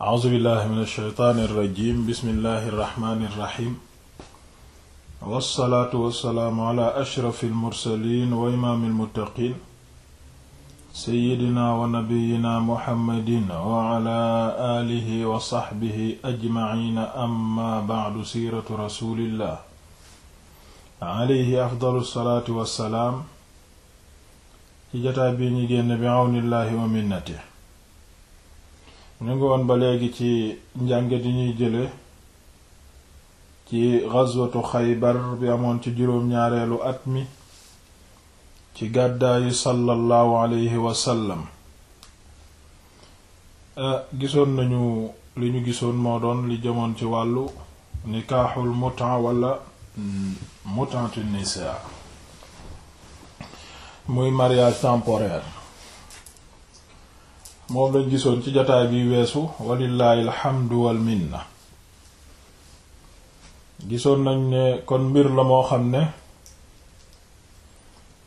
a'uuzu billahi min alsheytaani irrajim bismillahi irrahmani irrahim wassalaatu wassalaamu ala ashrafi almursalin wa imaami almuttaqin seyidina wa nabiyina muhammadin wa ala aalihi wa saxbihi ajmaciina amma bacdu siiratu rasulillah alayhi afdalu salaatu wassalaam ci jataa bi ñi génn bi awnillahi wa minnati ñu ngi woon ba léegi ci njànge yi ñuy jële ci ghazwatu xaybar bi amoon ci juróom-ñaareelu at mi ci gàddaayu sallallahu alayhi wasallam ah, gisoon nañu li ñu gisoon moo doon li jëmoon ci wàllu nikaaxul muta wala mutatu nisa muy mariage temporaire moom lañ gisoon ci jotaay bi weesu walillahi alhamdu wal minna gisoon nañ ne kon mbir la moo xam ne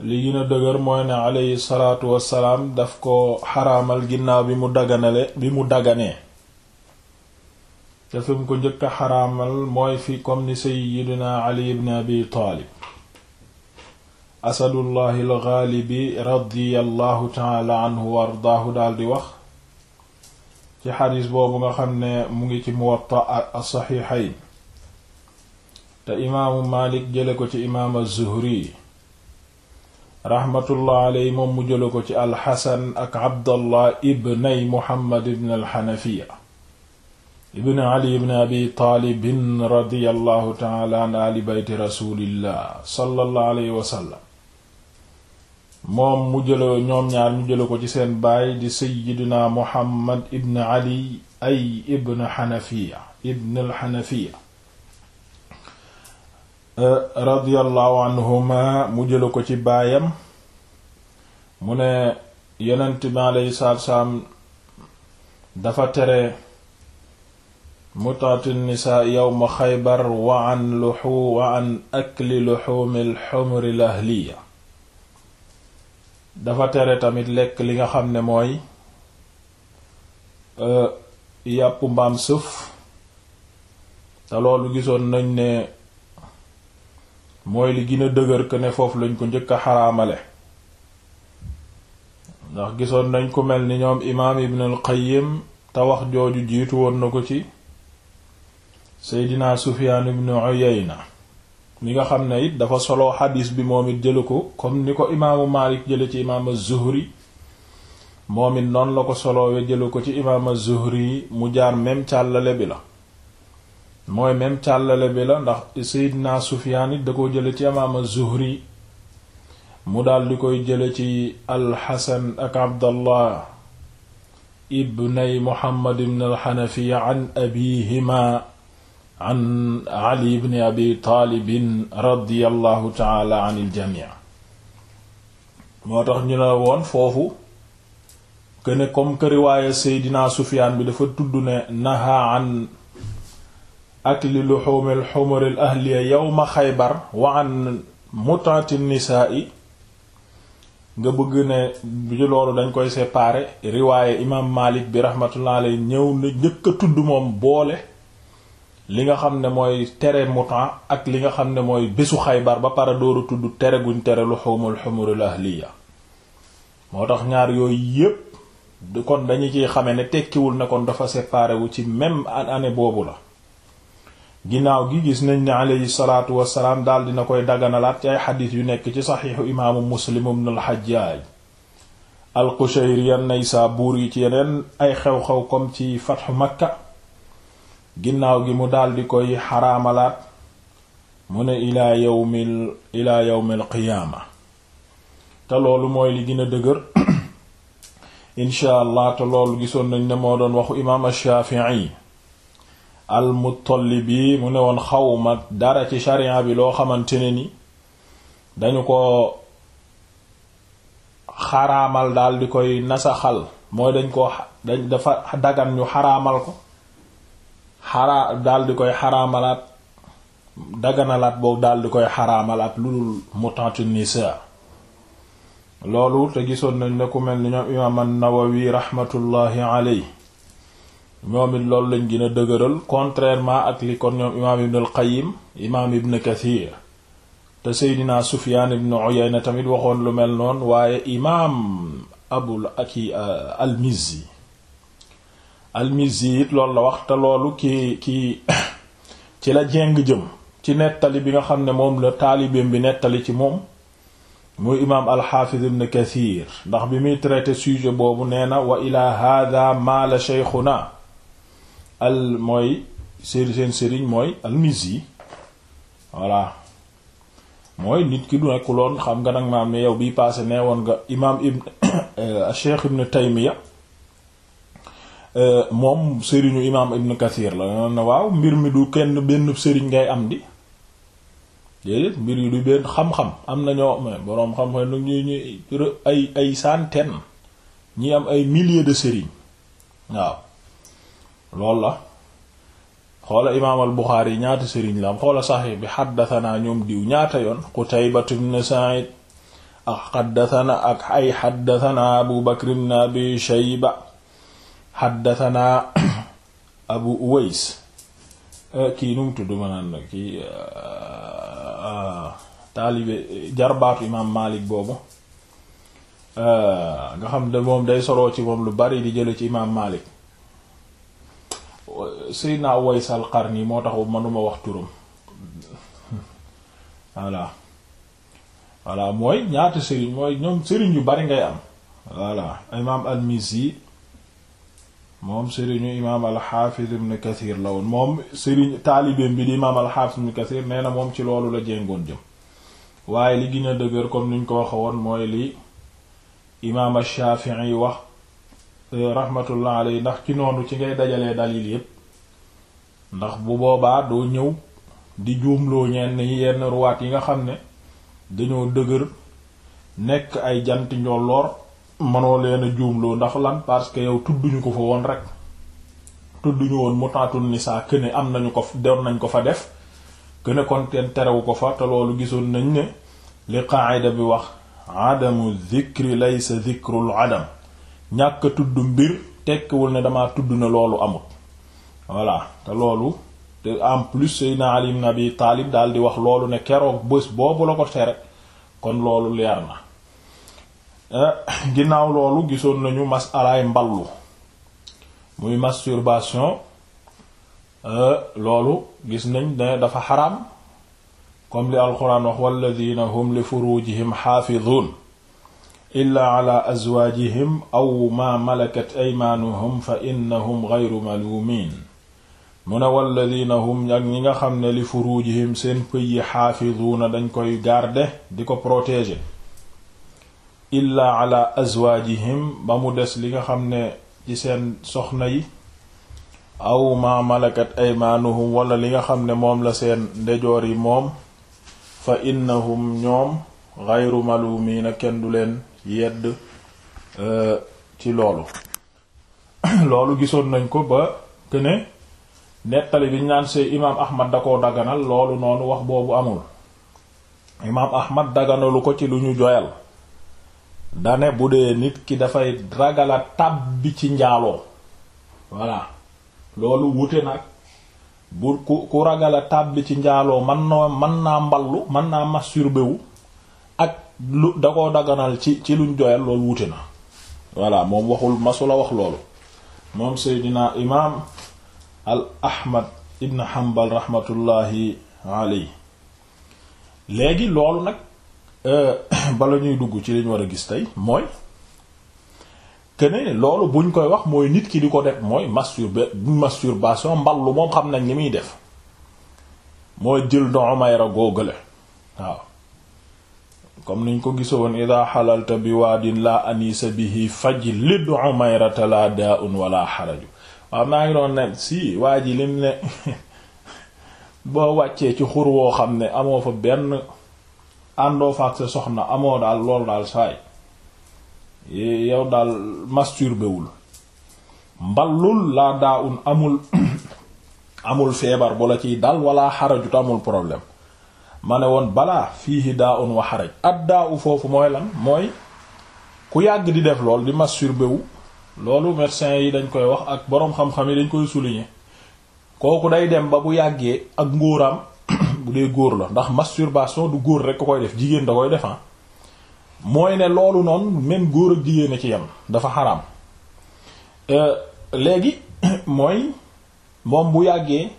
li gën a dëgër mooy ne aleyhi salaatu wassalaam daf ko xaraamal ginnaaw bi mu daganale bi mu daganee te fi ko njëkk a xaraamal mooy fi comme ni sayyidina ali ibn abi taalib asadullahi algaalibi radiyallahu taala anhu wa ardaahu daal di wax ci xadis boobu nga xam ne mu ngi ci muwatta as-saxiixayn te imaamu Maalik jële ko ci imaam az-Zuhri raxmatullah aley moom mu jële ko ci alxasan ak abdallah ibnay muhammad ibn alxanafiya ibn ali ibn abi taalibin radiallahu taala an ali beyti rasulillah sallallahu alayhi wa sallam moom mu jële ñoom ñaar ñu jële ko ci seen baay di sayidina muhammad ibn ali ay ibn xanafiya ibn alxanafiya euh, radiyallahu anhuma mu jële ko ci baayam mu ne yonent bi alayhi dafa tere mutatu nisaa yawma xaybar wa an luxu wa an akli ahliya dafa tere tamit lekk li nga xam ne mooy euh, yàppu mbaam sëf te loolu gisoon nañ ne mooy li gën dëgër que ne foofu lañ ko njëkk a xaraamale ndax gisoon nañ ku mel ni ñoom imaam Ibn al te wax jooju jiitu woon na ko ci Seydina Sufyaan ibn Uyayna mi nga xam ne it dafa solo xadis bi moom it jële ko comme ni ko imaamu Maalik jële ci imaam az-Zuhri noonu la ko soloowe jële ko ci imaam mu jaar même càllale bi la mooy même càllale bi la ndax Seydina Sufyaan it da ko jële ci imaam az-Zuhri mu daal di koy jële ci al-Hasan ak Abdallah ibnay Muhammad ibn al-Hanafiya an abihima an ali ibn abi taalibin radiallahu taala an iljamii moo tax ñu ne woon foofu këne comme que riwaaya seydina sufiyaan bi dafa tudd ne naha an akli luxuumil xumaril ahliya yawma xaybar wa an nisaa'i nga bëgg ne bi loolu dañ koy séparer riwaaya imaam maalik bi raxmatullah ñëw na njëkk a tudd moom boole li nga xam ne mooy tere muta ak li nga xam ne mooy bésu xaybar ba pare dooru tudd tere guñ tere lu xumul xumurul ahliya moo tax ñaar yooyu yépp du kon dañu ciy xame ne tekkiwul ne kon dafa séparé wu ci même année boobu la ginnaaw gi gis nañ ne aleyhi salaatu wasalaam daal dina koy daganalaat ci ay xadis yu nekk ci saxiixu imaamu muslim ibn al-Hajjaj al-Qushayri an-Naysaburi ci yeneen ay xew-xew comme ci fatxu Makka ginnaaw gi mu daldi koy xaraamalaat mu ne ilaa yawmil ilaa yawmil qiyaama te loolu mooy li gën a dëgër insha te loolu gisoon nañ ne moo doon waxu imaam ash-Shafi'i al-Muttalibi mu ne woon xawma dara ci sharia bi loo xamante ne ni dañu ko xaraamal daal di koy nasaxal mooy dañ ko dañ dafa dagan ñu xaraamal ko xaraa dal di koy xaraamalaat daganalaat boobu dal di koy xaramalaat lu dul mutatu nisa loolu te gisoon nañ ne ku mel ni ñoom imaam an-Nawawi raxmatullaahi aley ñoom it loolu lañ gën dëgëral contrairement ak li kon ñoom imaam ibn al imaam ibn Kathir te Seydina Sufyaan ibn Uyayna tamit waxoon lu mel noonu waaye imaam abul aki euh, al-Mizzi almizzi it loolu la wax te loolu ki ki ci la jeng jëm ci nettali bi nga xam ne moom la taalibeem bi nettali ci moom muy imaam alxaafiz ibn kathir ndax bi muy traité sujet boobu nee na wa ila hada maala sheykhuna al mooy séri seen sëriñ mooy almizzi voilà mooy nit ki du nekkuloon xam nga nag maam ne yow bi passé nee woon nga imaam ibn euh, cheikh ibn taymiya Euh, moom sëriñu imaam Ibn Kathir la na waaw mbir mi du kenn benn sëriñ ngay am di déedéet mbir yi du benn xam-xam am na ñoo boroom xam-xam nag ñu ñu ay ay ñi am ay milliers de sëriñ waaw loolu la xoola imaam al Buxaari ñaata sëriñ la am xoola saxi bi xaddatanaa ñoom diw ñaata yoon Qutaybatu ibn Sa'id ak xaddatana ak ay xaddatana Abu Bakr ibn Abi Shayba xaddatanaa abu uwais kii nu mu tudd ma naan kii taalibe jarbaatu imaam Maalik boobu nga xam de moom day soloo ci moom lu bari di jële ci imaam Maalik Seydina Uways al-Qarni moo tax manuma wax turam voilà voilà mooy ñaata sëriñ mooy ñoom sëriñ yu bari ngay am voilà imaam al-Mizzi moom sëriñu imaam alxaafiz ibn kathir la woon moom sëriñ taalibeem bi di imaam alxaafiz ibn kathir nee na moom ci loolu la jéngoon jëm waaye li gën a dëgër comme niñ ko waxa woon mooy li imaam ashafii wax eh, rahmatullah alayhi ndax ci noonu ci ngay dajalee dalil yépp ndax bu boobaa doo ñëw di juumloo ñenn yi yenn ruwaat yi nga xam ne dañoo dëgër nekk ay jant njolloor manoo leen a juumloo ndax lan parce que yow tudduñu ko fa woon rek tudduñu woon mutaatun nisaa këne am nañu ko doon nañ ko fa def këne kon terewu ko fa te loolu gisoon nañ ne li qaayida bi wax adamu zikri laysa zikrul adam ñàkk a tudd mbir tekkiwul ne dama tudd na loolu amut voilà te loolu te en plus Seydina Ali ibn Abi Taalib daal di wax loolu ne keroog bës boobu la ko tere kon loolu leer na Eh, ginnaaw loolu gisoon nañu masalaay mballu muy masturbation eh, loolu gis nañ ne dafa xaraam comme li alquran wax walladina hum li furujihim xaafidun illa ala azwaajihim aw ma malakat aymaanuhum fa innahum geyru maluumin mu ne walladina hum ak ñi nga xam ne li furujihim seen pëy yi xaafiduuna dañ koy garder di ko protéger illaa ala azwaajihim ba mu des li nga xam ne ci seen soxna yi aw ma malakat aymaanuhum wala li nga xam ne moom la seen ndejoor yi moom fa innahum ñoom xayru malumiina kenn du leen yedd euh, ci loolu loolu gisoon nañ ko ba que ne nettali bi ñu naan see imaam ahmad da koo daganal loolu noonu wax boobu amul imaam ahmad daganalu ko ci lu ñu joyal dane bu dee nit ki dafay ragala tàbbi ci njaaloo voilà loolu wute nag bu ku ku ragala tàbbi ci njaaloo man mën naa mballu mën naa masturbé ak lu da ci ci luñ doyal loolu wute na voilà moom waxul masula wax loolu moom seydina imaam al ahmad ibn hanbal rahmatullahi aley léegi loolu nag Euh, bala ñuy dugg ci li war a gis tey mooy que loolu buñ koy wax mooy nit ki di ko def mooy masturbe masturbation lu moom xam nañ li muy def mooy jël don mayra góogale waaw comme niñ ko gisoon ida xalalta bi waa waadin la anisa bihi faj li don mayrata la daa un wala xaraju waaw naa ngi doon ne si waa ji lim ne boo wàccee ci xur woo xam ne amoo fa benn àndoo faak sa soxna amoo daal lool daal saay yow daal masturbewul mballul laa daa un amul amul feebar bu la ciy dal wala xarajut amul problème ma ne woon balaa fiihi daa un wa xaraj ad daa u foofu mooy lan mooy ku yàgg di def lool di masturbewu loolu médecin yi dañ koy wax ak boroom xam-xam yi dañ koy souligner kooku day dem ba bu yàggee ak ngóoraam bu dee góor la ndax masturbation du góor rek ko koy def jigéen da koy defa ah. mooy ne loolu noonu même góor ak jigéen ci yem dafa xaram euh, léegi mooy moom bu yàggee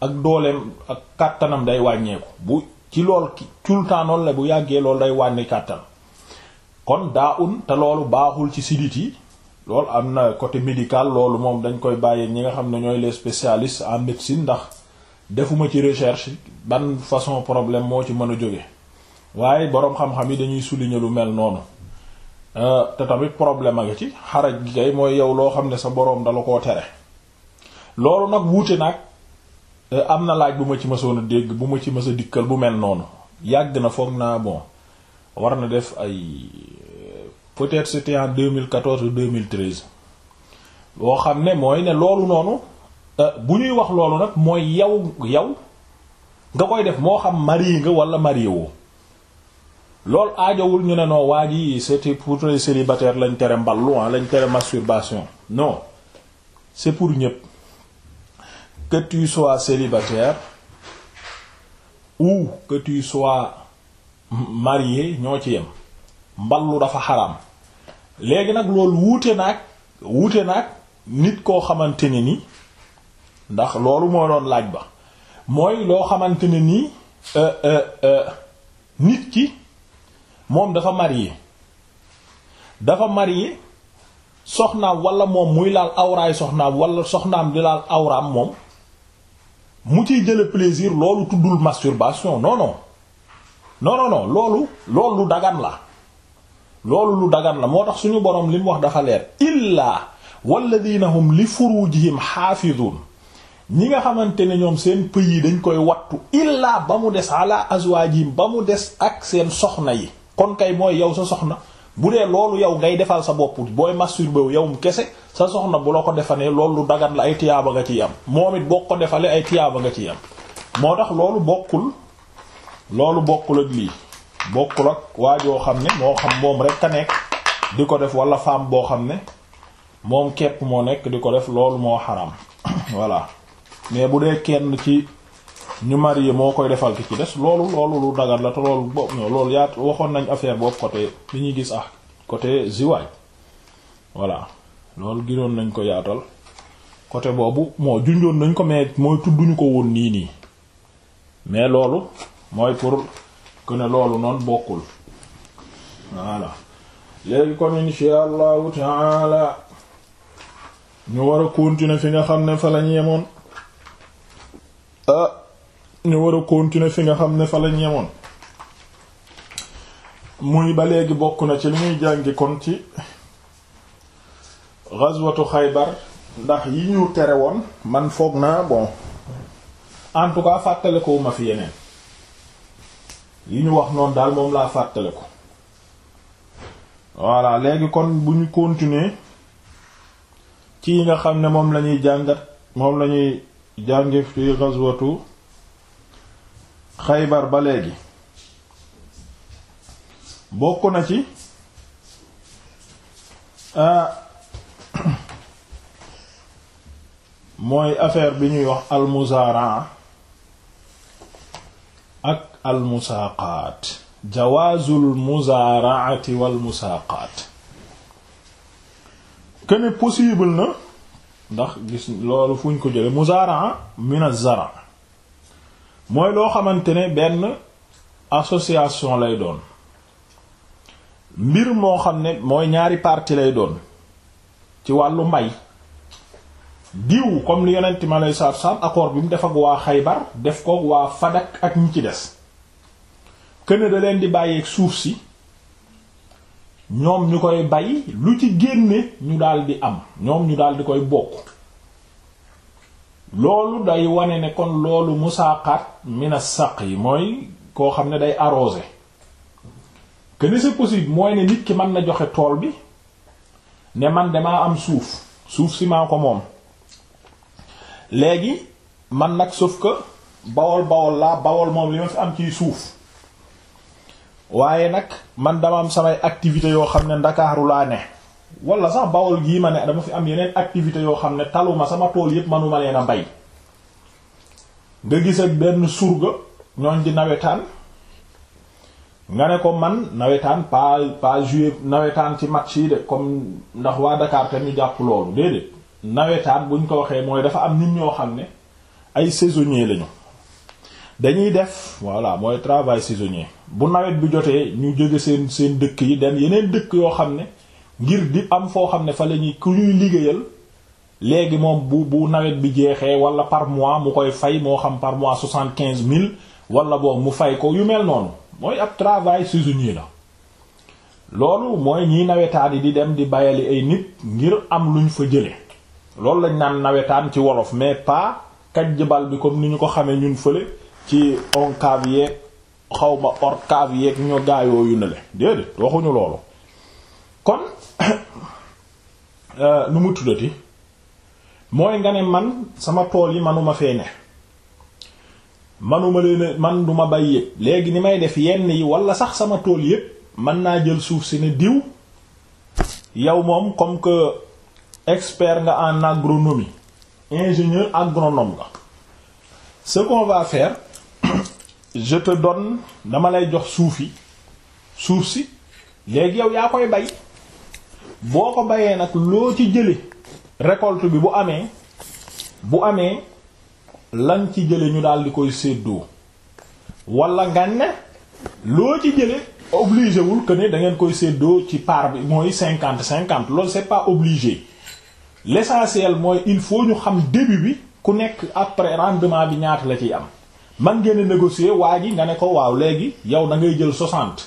ak dooleem ak kàttanam day wàññeeku bu ci lool tout le temps noonu la bu yàggee loolu day wàññi kàttan kon daa un te loolu baaxul ci sidit yi loolu am na côté médical loolu moom dañ koy bàyyee ñi nga xam ne ñooy les spécialistes en médecine ndax defuma ci recherche ban façon problème moo ci mën a jóge waaye boroom xam-xam yi dañuy souligner lu mel noonu euh, te tamit problème a nga ci xaraj gi kay mooy yow loo xam ne sa boroom dala koo tere loolu nag wuute nag euh, am na laaj bu ma ci mësoon a dégg bu ma ci mës a dikkal bu mel noonu yàgg na foog naa bon war na def ay euh, peut-être c'était en 2014 ou 2013 boo xam ne mooy ne loolu noonu Euh, bu ñuy wax loolu nag mooy yow yow nga koy def moo xam marié nga wala marie woo loolu aajowul ñu ne noo waa ji c'était pour les célibataires lañ tere mballu ah lañ tere masturbation non c'est pour ñépp que tu sois célibataire ou que tu sois marié ñoo ci yem mballu dafa xaraam léegi nag loolu wuute naag wuute naag nit koo xamante ne nii ndax loolu moo laaj ba mooy loo xamante ne nii euh, euh, euh, nit ki moom dafa marié dafa yi soxnaam wala moom muy laal awraay soxnaam walla soxnaam di laal awraam moom mu ci jële plaisir loolu tuddul masturbation non non non loolu loolu lu dagan la loolu lu dagan la moo tax suñu boroom li mu wax dafa leer illaa walladina hum li furujihim xaafidun ñi nga xamante ne ñoom seen pëy yi dañ koy wattu illaa ba mu des ala azwaajim ba mu des ak seen soxna yi kon kay mooy yow sa soxna bu dee loolu yow ngay defal sa bopp booy masturbé yow mu kese sa soxna bu la ko defalee loolu lu dagan la ay tiyaaba nga ciy am moom it boo ko defalee ay tiyaaba nga ci am moo tax loolu bokkul loolu bokkul ak lii bokkul ak waa joo xam ne moo xam moom rek a nekk di ko def wala femme boo xam ne moom képp moo nekk di ko def loolu moo mais bu dee kenn ci ñu marié moo koy defal ki ci des loolu loolu lu dagat la te loolu boobu non loolu yaa waxoon nañ affaire boobu côté li ñuy gis ah côté ziwaay voilà loolu ginoon nañ ko yaatal côté boobu moo junjoon nañ ko mais mooy tudduñu ko woon nii nii mais loolu mooy pour que ne loolu noonu bokkul voilà léegi kon insha allahu taala ñu war a continuer fi nga xam ne fa lañ yemoon Ah, ñu war a fi nga xam ne fa la ñeewoon muy ba léegi bokk na ci li ñuy jàngi kon ci ghazwatu Xaybar ndax yi ñu tere woon man foog naa bon en tout ma fi yeneen yi ñu wax noonu daal moom laa fàttaliku voilà léegi kon bu ñu continuer ci yi nga xam ne moom lañuy jàngat moom lañuy jànge fi gazwatu xaybar ba léegi bokk na ci ah, mooy affaire bi ñuy wax almuzaraa ak almusaaqaat jawaazul muzaaraati wal musaaqaat kene possible na ndax gis loolu fu ñu ko jële muzaraa min zara mooy loo xamante ne benn association lay doon mbir moo xam ne mooy ñaari parti lay doon ci wàllu mbay diw comme li yonent ma lay saab saab accord bi mu def ak waa Xaybar def ko waa Fadak ak ñi ci des këne da leen di bàyyeeg suuf si ñoom ñu koy bay lu ci génne ñu daal am ñoom ñu daal di koy bokk loolu day wane ne kon loolu musaaqat mina saq yi mooy koo xam ne day arrosé que si c'est possible mooy ne nit ki mën na joxe tool bi ne man damaa am suuf suuf si maa ko moom léegi man nag suuf ko bawol bawol laa bawol moom li ma fi am ciy suuf waaye nag man dama am samay activité yoo xam ne ndakaaru laa ne wala sax bawol gii ma ne dama fi am yeneen activité yoo xam ne taluma sama tool yépp manuma leen a bay nga gis ak benn surga ñooñ di nawetaan nga ne ko man nawetaan pas pas jouer nawetaan ci match yi de comme ndax waa Dakar te ñu jàpp loolu déedéet nawetaan buñ ko waxee mooy dafa am nit ñoo xam ne ay saisonnier lañu dañuy def voilà mooy travail saisonnier bu nawet bi jotee ñu jóge seen seen dëkk yi dem yeneen dëkk yoo xam ne ngir di am foo xam ne fa lañuy ñuy ku ñuy liggéeyal léegi moom bu bu nawet bi jeexee wala par mois mu koy fay moo xam par mois soixante quinze mille wala boog mu fay ko yu mel noonu mooy ab travail saisonnier la loolu mooy ñiy nawetaan yi di dem di bayali ay nit ngir am luñ fa jële loolu lañ naan nawetaan ci wolof mais pas kaj jëbal bi comme ni ñu ko xamee ñun fële ci oncavier xawma orkaaf yeeg ñoo gaayooyu ne le déedéet waxuñu loolu kon euh, nu mu tuddati mooy nga ne man sama tool yi manuma fee ne manuma leen man duma bay yépp léegi ni may def yenn yi wala sax sama tool yëpp man naa jël suuf si ne diw yow moom kom que expert nga en agronomie ingénieur agronome nga ce qu'on va jete te dama lay jox suuf yi suuf si léegi yow yaa koy bay boo ko bayee nag loo ci jële récolte bi bu amee bu amee lan ci jële ñu daal di koy seddoo wala nga ne loo ci jële obligé wul que ne da ngeen koy séddoo ci part bi mooy cinquante cinquante lool c'est pas obligé l'essentiel mooy il faut ñu xam début bi ku nekk après rendement bi ñaata la ciy am man ngeen négocier waa ji nga ne ko waaw léegi yow da ngay jël soixante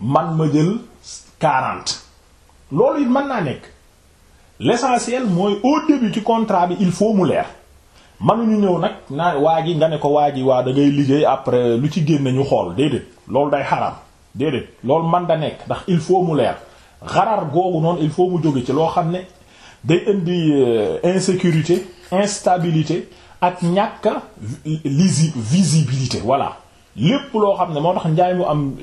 man ma jël quarante loolu it mën naa nekk l'essentiel mooy au début ci contrat bi il faut mu leer mënuñu ñëw nag naa waa ji nga ne ko waa ji waa da liggéey après lu ci génn ñu xool déedéet loolu day xaraam déedéet loolu man da nekk ndax il faut mu leer xarar googu noonu il faut mu jóge ci loo xam ne day indi euh, insécurité instabilité ak ñàkk lisi visibilité voilà lépp loo xam ne moo tax njaay mu am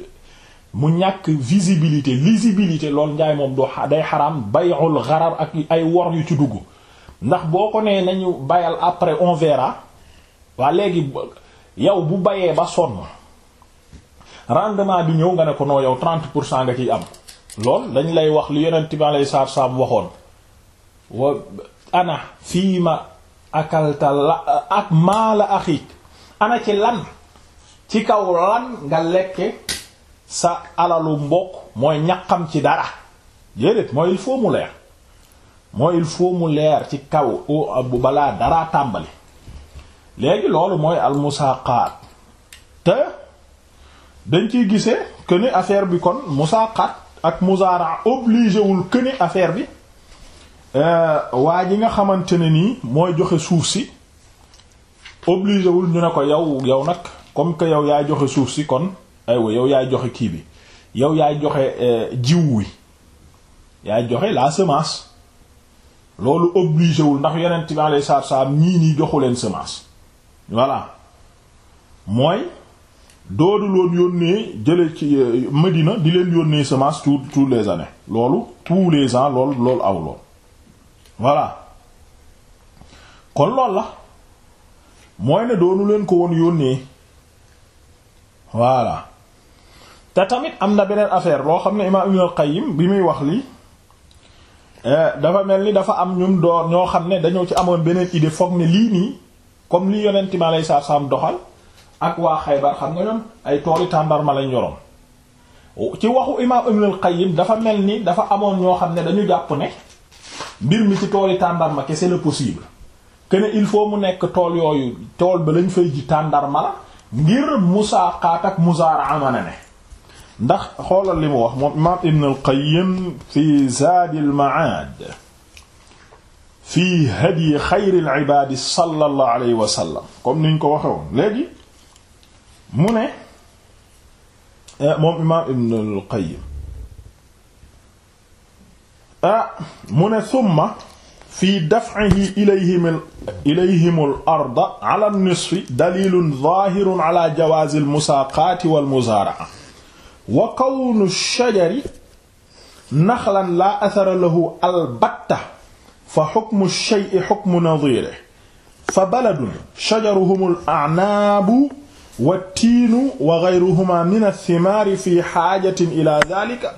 mu ñàkk visibilité lisibilité loolu njaay moom doo day xaraam bay'ul gharar ak ay wor yu ci dugg ndax boo ko nee nañu bayal après on verra waa léegi yow bu bayee ba sonn rendement bi ñëw nga ne ko noo yow 30 pour cent nga ciy am lool dañ lay wax li yonent bi alayhi salaatu salaam waxoon ana fii ma akalta la ak maala axik ana ci lan ci kaw lan nga lekke sa alalu mbokk mooy ñaqam ci dara déedéet mooy il faut mu leer mooy il faut mu leer ci kaw bu balaa dara tàmbali léegi loolu mooy almusaaqaat te dañ ciy gisee que ni affaire bi kon musaaqaat ak musaara obligé wul que affaire bi Euh, waa ji nga xamante ne nii mooy joxe suuf si obligé wul ñu ne ko yow yow nag comme que yow yaay joxe suuf si kon aywa yow yaay joxe kii bi yow yaay joxe euh, jiw wi yaay joxe la semence loolu obligé wul ndax yeneen bi alei saatu salaam ñii nii joxu leen semence voilà mooy doodu loon yónnee jële ci euh, madina di leen yónnee semence tous tous les années loolu tous les ans loolu loolu aw lool voilà kon lool la mooy ne doonu leen ko woon yónnee voilà te tamit am na beneen affaire loo xam ne imaam Ibn al-Qayyim bi muy wax lii eh, dafa mel ni dafa am ñum door ñoo xam ne dañoo ci amoon beneen idée foog ne lii nii comme li yonent mi alayhi salaatu salaam doxal ak waa Xaybar xam nga ñoom ay tooli tàndarma lañ yoroon ci waxu imaam Ibn al dafa mel ni dafa amoon ñoo xam ne dañu jàpp ne mbir mi ci tool yi tàndarma kese la possible que il faut mu nekk tool yooyu tool ba lañ fay ji tàndarma la ngir musaaqaat ak muzaara'a ma ne ndax xoolal li mu wax moom imaam Ibn al-Qayyim fi Zaadil Ma'aad fi hadyi xayril ibaad sallallahu alayhi wa sallam comme niñ ko waxe léegi mu ne eh, moom imaam Ibn al ah mu ne summa fi daf'ihi ilayhim ilayhim al arda ala nisfi dalilun zahirun ala jawazi al musaqati wal muzara'a wa kawnu shajari naxlan laa athara lahu albatta fa xukmu shay'i xukmu nadiirihi fa baladun shajaruhumul a'naabu wa tiinu wa ghayruhumaa mina thimaari fi xaajatin ilaa zaalika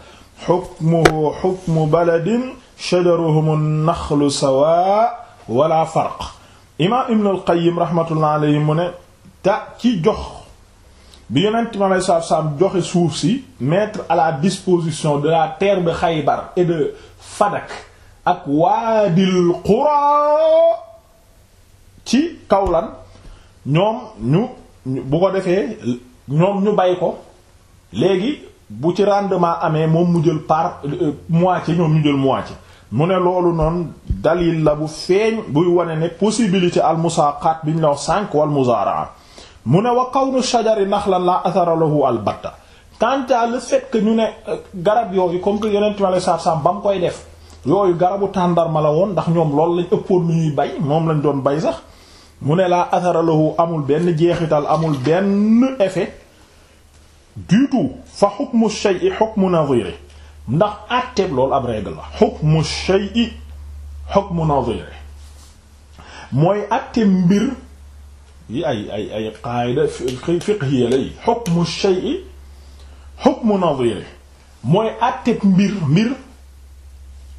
xukmuhu xukmu baladin shajaruhum naxlu sawa wala farq imaam ibn al-Qayyim rahmatullah alayhi mu ne ta ci jox bi yonent mi alei satu salaam joxe suuf si mettre à la disposition de la terre de Xaybar et de Fadak ak waadil qura ci kawlan ñoom ñu bu ko defee ñoom ñu bay ko léegi bu ci rendement amee moom mu jël par euh, moitié ñoom ñu jël moitié mu ne loolu noonu dalil la bu feeñ buy wane ne possibilité al musaaqaat bi ñu la wax sànq wal muzaaraa mu ne wa kawnu shajari naxlan la athara lahu al batta quant à le fait ñu ne euh, garab yooyu comme que yeneen ma lay saabsaab ba mu koy def yooyu garabu tàndarma la woon ndax ñoom loolu lañ ëppoon lu ñuy bay moom lañ doon bay sax mu ne laa athara lahu amul benn jeexital amul benn effet. du tout fa xukmu shay'i xukmu nadhiri ndax àtteeb loolu ab règle la xukmu shay'i xukmu nadhiri mooy àtte mbir yi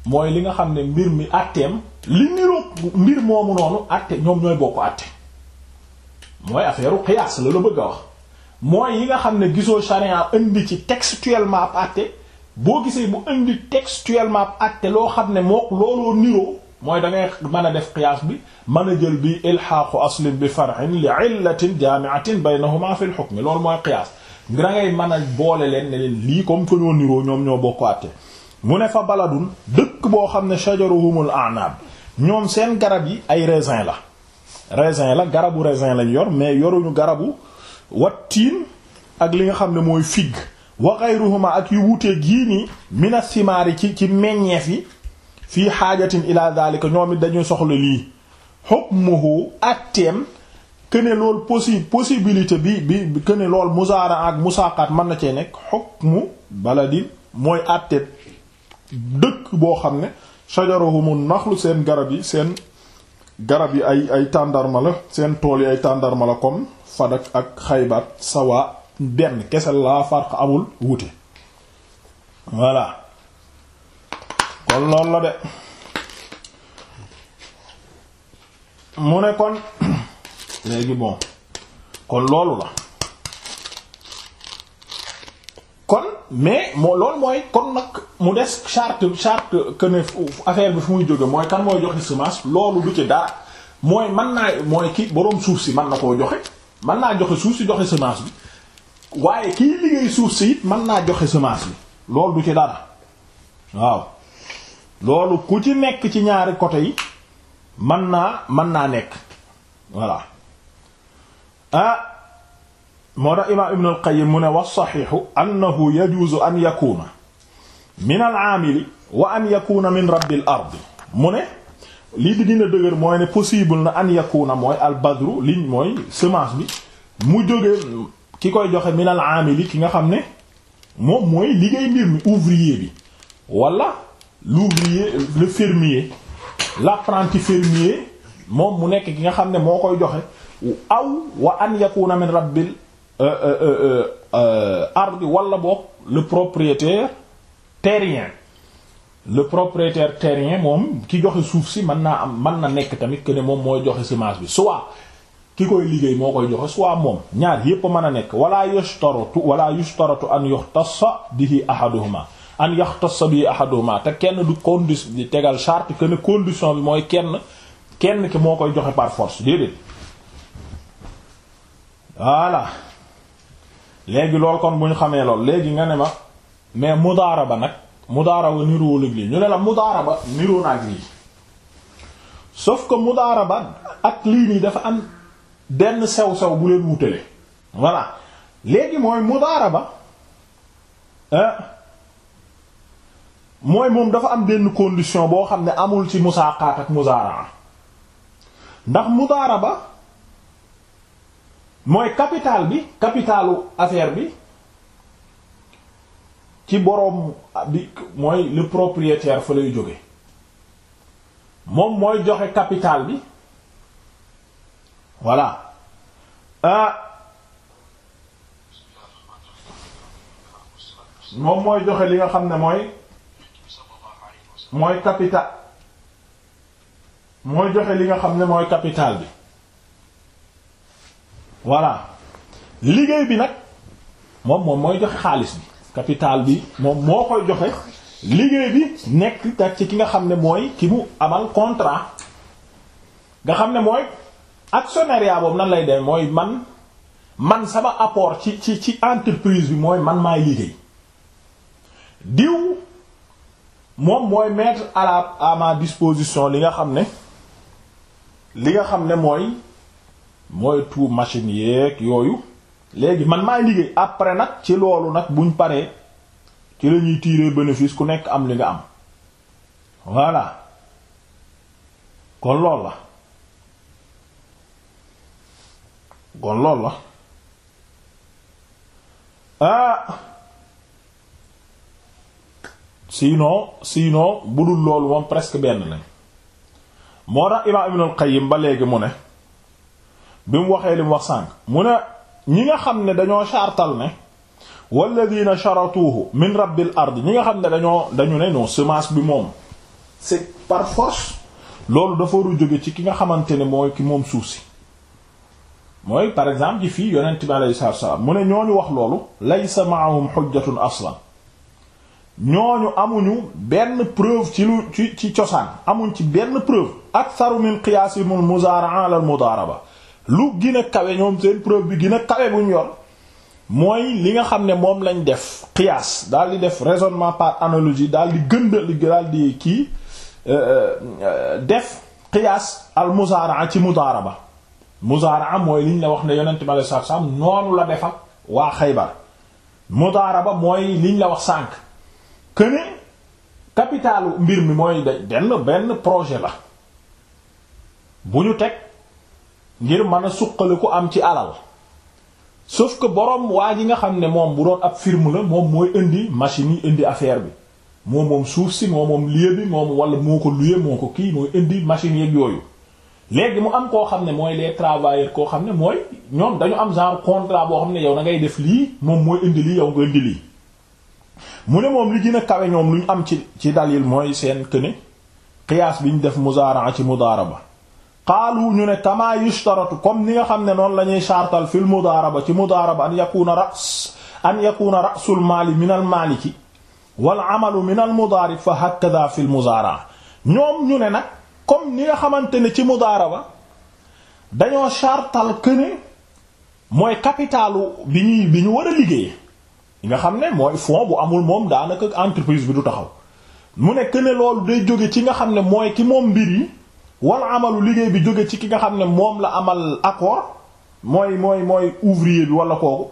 mooy li nga xam ne mbir mi àtteem li niroog mbir moomu noonu àtte ñoom ñooy mooy affaire u qiyaas la la bëgg a wax mooy yi nga xam ne gisoo charia indi ci textuellement ab àtte boo gisee bu indi textuellement ab àtte loo xam ne moo looloo niroo mooy da ngay mën a def qiyaas bi mën a jël bi ilxaaqu aslin bi far far'in li illatin jaami'atin baynahuma fi al-hukm loolu mooy qiyaas da ngay mën a boole leen ne leen lii comme que ñoo niroo ñoom ñoo bokk àtte mu ne fa baladun dëkk boo xam ne shajaruhumul a'nab ñoom seen garab yi ay raisin la raisin la garabu raisin lañ yor mais yoruñu garabu wattiin ak li nga xam ne mooy figg wa ghayruhuma ak yu wuuteeg yii nii mina simaari ci ci meññeef yi fii xaajatin ila daalika ñoom it dañuy soxla lii hukmuhu atteem këne lool possi possibilité bi bi këne lool musaara ak musaaqaat mën na cee nekk hukmu baladin mooy atteeb dëkk boo xam ne shajaruhumu naxlu seen garab yi seen garab yi ay ay tàndarma la seen tool yi ay tàndarma la comme Fadak ak Xaybar sawa benn kese laa farq amul wuute voilà kon loolu la de mu ne kon léegi bon kon loolu la kon mais moo lool mooy kon nag mu des charte charte que ne affaire bi fu muy jóge mooy kan mooy joxe semence loolu du ci daal mooy man naa mooy ki boroom suuf si mën na koo joxe man naa joxe suuf si joxe semence bi waaye kiy suuf si mën naa joxe semence bi loolu du ci dara waaw loolu ku ci nekk ci ñaari côté yi mën naa mën naa nekk voilà ah moo tax imaam ibn al-Qayyim mu ne wax saxiixu annahu yajuuzu an yakuuna min al-aamili wa an yakuuna min rabbil ard mu ne lii di gën dëgër mooy ne possible na an yakuuna mooy albadru liñ mooy semence bi mu jógee ki koy joxe min al-aamili ki nga xam ne moom mooy liggéey mbir mi ouvrier bi wala l'ouvrier le fermier l'apprenti fermier moom mu nekk ki nga xam ne moo koy joxe aw wa an yakuuna min rabbil Euh, euh, euh, ardi wala boog le propriétaire terrien le propriétaire terrien moom ki joxe suuf si mën naa am man na nekk tamit que ne moom mooy joxe semence bi soit ki koy liggéey moo koy joxe soit moom ñaar yépp mën a nekk wala yushtaratu wala yushtaratu an yuhtassa bihi ahaduhuma an yuhtassa bihi ahaduhuma te kenn du condition di tegal charte que ne condition bi mooy kenn kenn ki moo koy joxe par force déedéet voilà léegi lool kon bu ñu xamee lool léegi nga ne ma mais ba nag mudaaraba niroo lëg lii ñu ne la mudaaraba niroo naag lii sauf que mudaaraba ak lii nii dafa am benn sew sew bu leen wutale voilà léegi mooy mudaaraba mooy moom dafa am benn condition boo xam ne amul ci musaaqaat ak muzaara ndax mudaaraba mooy capital bi capitalu affaire bi ci boroom bi mooy le propriétaire fa lay jóge moom mooy joxe capital bi voilà ah moom mooy joxe li nga xam ne mooy mooy capital mooy joxe li nga xam ne mooy capital bi voilà liggéey bi nag moom moom mooy joxe xaalis bi capital bi moom moo koy joxe liggéey bi nekk tak ci ki nga xam ne mooy ki mu amal contrat nga xam ne mooy actionnariat boobu nan lay demee mooy man man sama apport ci ci ci entreprise bi mooy man maay liggéey diw moom mooy mettre à la à ma disposition li nga xam ne li nga xam ne mooy mooy tout machine yeeg yooyu léegi man maay liggéey après nag ci loolu nag buñ paree ci la ñuy tirer ku nekk am li nga am voilà kon lool la kon lool la ah sinon sinon budul loolu moom presque benn lañ moo tax imaam Ibnul Qayyim ba léegi mu ne bi mu waxee li mu wax sànq mu ne ñi nga xam ne dañoo chartal ne walladina charatuhu min rabbil ard ñi nga xam ne dañoo dañu ne non semence bi moom c'est par force loolu dafa war jóge ci ki nga xamante ne mooy ki moom suuf si mooy par exemple ji fii yonent bi aleyhi salaatu salaam mu ne ñooñu wax loolu laysa maahum xujjatun aslan ñooñu amuñu benn preuve ci lu ci cosaan amuñ ci benn preuve aktharu min qiyasimul muzaara'a ala al mudaaraba lu gën a kawe ñoom seen preuve bi gina a kawe bu ñu mooy li nga xam ne moom lañ def qiyaas daal di def raisonnement par analogie daal di gëndal daal di kii euh, euh, def qiyaas al muzaraa ci mudaaraba muzaraa mooy liñ la wax ne yonent bi alei satu salaam noonu la defar waa Xaybar mudaaraba mooy liñ la wax sànq këne capitalu mbir mi mooy benn benn projet la bu ñu teg ngir mën a suqaliku am ci alal sauf que borom waa ji nga xam ne moom bu doon ab firme la moom mooy indi machine yi indi affaire bi moom moom suuf si moom moom moom wala moo moo ko kii mooy indi machine yeeg yooyu léegi mu am koo xam ne mooy les travailleurs koo xam ne mooy ñoom dañu am genre contrat boo xam ne yow da ngay def lii moom mooy indi lii yow nga indi lii mu ne moom li gën a kawe ñoom lu ñu am ci ci dalil mooy seen këne qiyaas bi ñu def muzaraa ci ba qaalu ñu ne kama yushtaratu comme ni nga xam ne noonu la ñuy chartal fil mudaaraba ci mudaaraba an yakuna ras an yakuna rasul maali min al maaliki wal amalu min al mudaarib fa hakada fil muzaara ñoom ñu ne nag comme ni nga xamante ne ci mudaaraba dañoo chartal këne mooy capitalu bi ñu war a liggéey nga xam ne mooy fond bu amul moom daanaka entreprise bi du taxaw mu ne këne loolu day jóge ci nga xam ne mooy ki moom mbir yi wal amalu liggéey bi jóge ci ki nga xam ne moom la amal accord mooy mooy mooy ouvrier bi wala kooku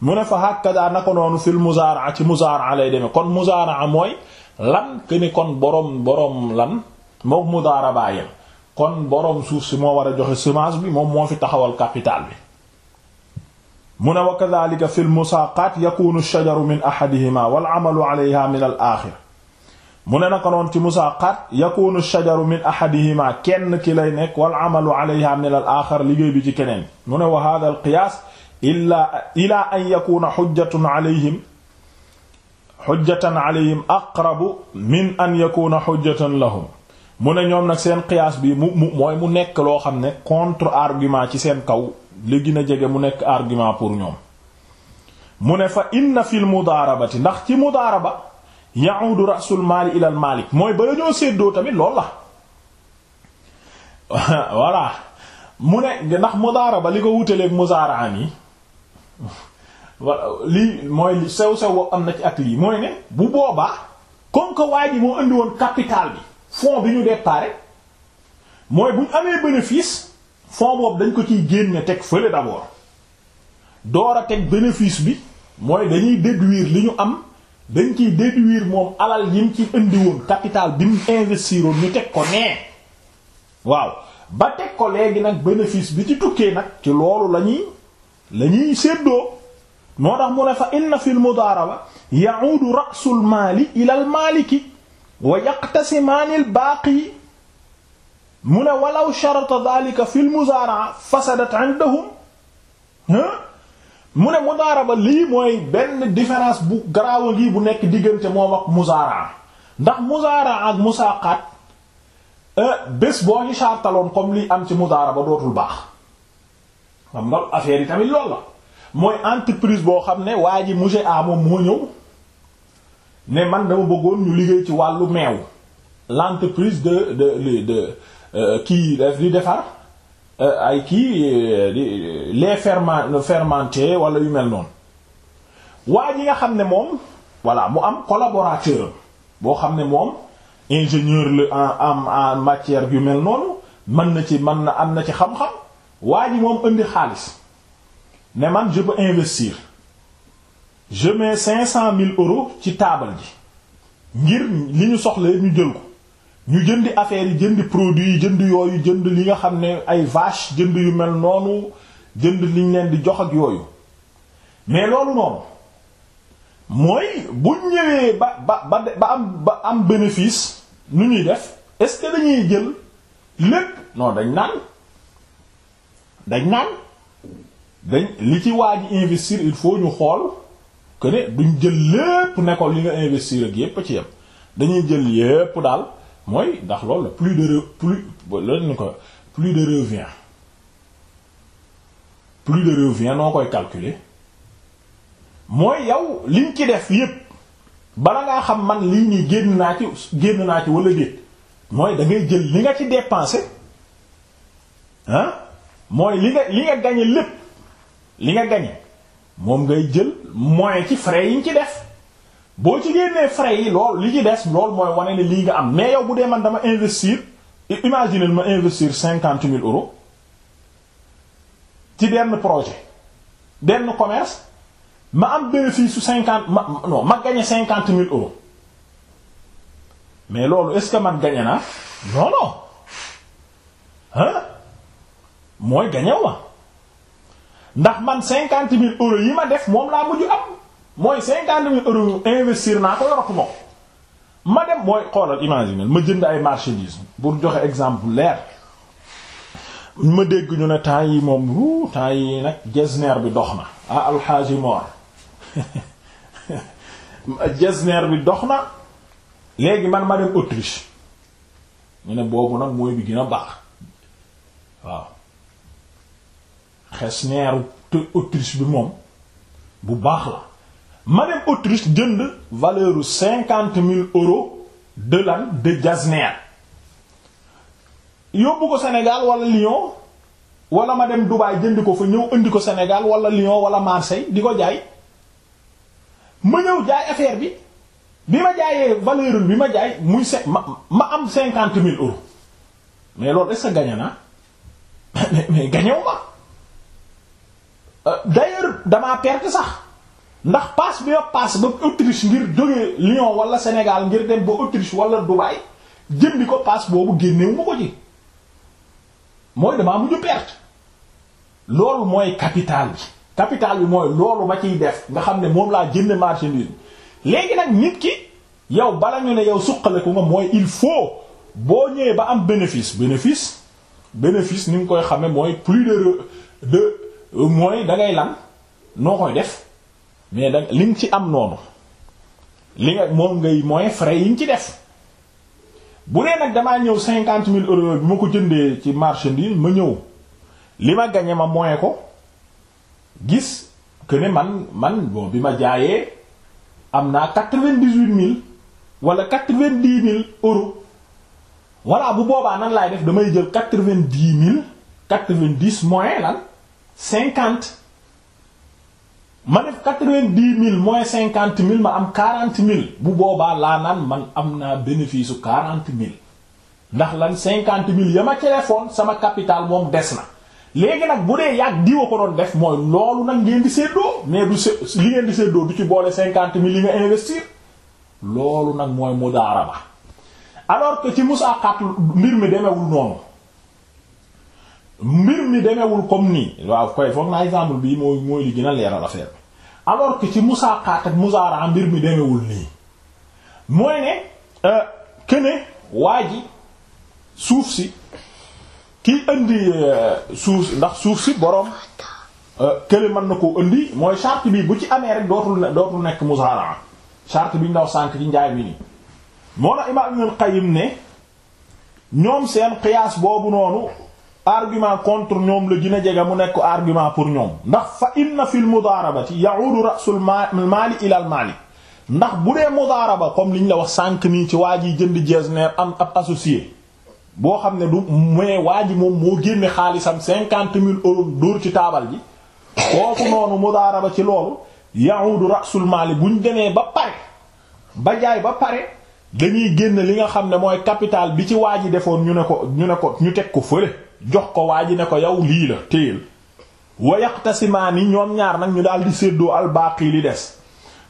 mu ne fa hakada na ko noonu fil muzaraa ci muzaraa lay demee kon muzaraa mooy lan que ni kon borom borom lan mook mudaaraba yem kon borom suuf si moo war a joxe semence bi moom moo fi taxawal capital bi mu ne wa kadhalika fil musaaqaat yakunu ash-shajaru min ahadihima wal amalu alayha min al mu ne naka noon ci musaaqat yakunu shajaru min ahadihima kenn ki lay nekk wal amalu alayha min al axar liggéey bi ci keneen mu ne wa hada al qiyaas illa ila an yakuna xujjatun alayhim xujjatan min an yakuna xujjatan lahum mu ne ñoom nag seen qiyaas bi mu mu mu nekk loo xam ne contre argument ci seen kaw li gën jege mu nekk argument pour ñoom mu ne fa inna fil mudaarabati ndax ci mudaaraba ya'udu rasul maali ilal maalik mooy ba dañoo séddoo tamit lool la voilà mu ne ndax ba li ko wutaleeg muzaaraan yi lii mooy sew sew am na ci at yi mooy ne bu boobaa comme que waa ji moo andi woon capital bi fonds bi ñu déparé mooy bu ñu amee bénéfice fonds boobu dañ ko ciy génne teg fële d'abord door a teg bénéfice bi mooy dañuy déduire li ñu am. dañ ciy déduire moom alal yim ci indi woon bi mu investir woon ñu teg ko nee waaw ba teg ko léegi nag bénéfice bi ci tukkee nag ci loolu la ñuy la ñuy séddoo moo tax mu ne fa inna fi l mudaaraba ya'uudu ra'sul maali ila al maaliki wa yaqtasimaani al baaqi mu ne walaw sharata dhalika fi l fasadat 'indahum ha mu ne mudaaraba lii mooy benn différence bu garaawa lii bu nekk diggante moom ak muzaara ndax muzaara ak musaaqaat euh, bés boo ñu sartaloon comme lii am ci mudaaraba dootul baax xam nga affaire yi tamit loolu la mooy entreprise boo xam ne waa ji monsieur A moom moo ñëw ne man dama bëggoon ñu liggéey ci wàllu meew l'entreprise de de de euh, kii def defar Euh, ay kii euh, euh, les ferment fermenté wala yu mel noonu waa ji nga xam ne moom voilà mu am collaborateur boo xam ne moom ingénieur la en en en matière yu mel noonu mën na ci mën na am na ci xam-xam waa ji moom indi xaalis ne man je investir je mets cinq cent mille euros ci taabal ji ngir li ñu soxla ñu jël ko ñu jëndi affaire yi jëndi produit yi jënd yooyu jënd li nga xam ne ay vache jënd yu mel noonu jënd liñ leen di jox ak yooyu mais loolu noonu mooy bu ñëwee ba ba ba am ba am bénéfice nu ñuy def est-ce que dañuy jël lépp non dañ naan dañ naan dañ li ci waa ji investir il faut ñu xool que buñ jël lépp ne ko li nga investir ak yépp ci yem dañuy jël yépp daal. mooy ndax lool la plus de re plus lan ko plus de revient plus de revient noo koy calculer mooy yow liñ ci def yëpp bala ngaa xam man lii nii génn naa ci génn naa ci wala déet mooy da ngay jël li nga ci dépensé ah mooy li nga li nga gagné lépp li nga gagné moom ngay jël moyen ci frais yi ñu ci def. boo ci génnee frais yi lool li ci des lool mooy wane ne lii nga am mais yow bu dee man dama investir imagine ma investir cinquante mille euros ci benn projet benn commerce ma am bénéfice cinquante ma non cinquante mille euros mais loolu est-ce que man gagné naa non hein mooy gagné ma ndax man cinquante mille euros yi ma def moom laa mujj am. mooy cinquante mille euros yu investir naa ko yoratuma ko ma dem mooy xoolal imaginer ma jënd ay marchandises pour joxe exemple leer ma dégg ñu ne temps yi moom wuu temps yi nag Getzner bi dox na ah alxaaji Mor Getzner bi dox na léegi man ma dem Autriche ñu ne boobu nag mooy bi gën a baax waaw Getzner Autriche bi moom bu baax la ma dem Autriche jënd valeur cinquante mille euro de lan de Jasner yóbbu ko Sénégal wala Lyon walla ma dem Dubaï jënd ko fa ñëw indi ko Sénégal wala Lyon wala Marseille di ko jaay ma ñëw jaay affaire bi bi ma jaayee valeur bi ma jaay muy se ma ma am cinquante mille euros mais loolu est-ce que gagné naa mais mais gagné wu ma euh, damaa perte sax. ndax paas bi nga paas ba Autriche ngir jógee Lyon wala Sénégal ngir dem ba Autriche wala Dubaï jëndi ko paas boobu génnewu ma ko ci mooy damaa mujj perte loolu mooy capital bi capital bi mooy loolu ma ciy def nga xam ne moom laa jënd marchandise bi léegi nag nit ki yow bala ñu ne yow suqale ko nga mooy il faut boo ñëwee ba am bénéfice bénéfice bénéfice ni nga koy xame mooy plus de de mooy da ngay lan noo koy def mais da li nga ci am noonu li nga moom ngay moyen frais yi nga ci def bu dee nag damaa ñëw cinquante mille euros bi ma ko jëndee ci marchandise ma ñëw li ma gañe ma moyen ko gis que ne man man bon bi ma jaayee am naa quatre-vingt-dix-huit mille wala quatre-vingt-dix mille euros voilà bu boobaa nan laay def damay jël quatre-vingt-dix mille quatre-vingt-dix moyen lan cinquante ma def quatre-vingt-dix mille moins cinquante mille ma am quarante mille bu boobaa laa naan man am naa bénéfice u quarante mille ndax lan cinquante mille ya ma téléphone sama capital moom des na léegi nag bu dee yàgg a ko doon def mooy loolu nag ngeen di séddoo mais du sé li ngeen di séddoo du ci boole cinquante mil yi nga investir loolu nag mooy mudaaraba alors que ci musaqat mbir mi demewul noonu mbir mi demewul comme nii waaw koy foog naa exemple bii mooy mooy li gën a leeral affaire bi alors ci musaaqaat ak musaara mbir mi demewul nii mooy ne kene euh, waa ji suuf si kiy indi euh, suuf ndax suuf si boroom euh, kële mën na koo indi mooy charte bi bu ci amee rek dootul dootul nekk musaara charte bi ndaw daw sànk ci njaay bi nii moo na imaam Ibn ne ñoom seen qiyaas boobu noonu argument contre ñoom la gën a jege mu nekk argument pour ñoom ndax fa inna fil mudaarabati ya'udu ra'sul maali ila al maali ndax bu dee mudaaraba comme liñ la wax sànq nii ci waa ji jënd jesneer am ab associé boo xam ne du mais waa ji moom moo génne xaalisam cinquante mille euros dóor ci taabal ji kooku noonu mudaaraba ci loolu ya'udu ra'sul maali buñ demee ba pare ba jaay ba pare dañuy génn li nga xam ne mooy capital bi ci waa ji defoon ñu ne ko ñu ne ko ñu teg ko fële jox ko waa ji ne ko yow lii la téyel wa yaqtasimaani ñoom ñaar nag ñu daal di séddoo albaaqi li des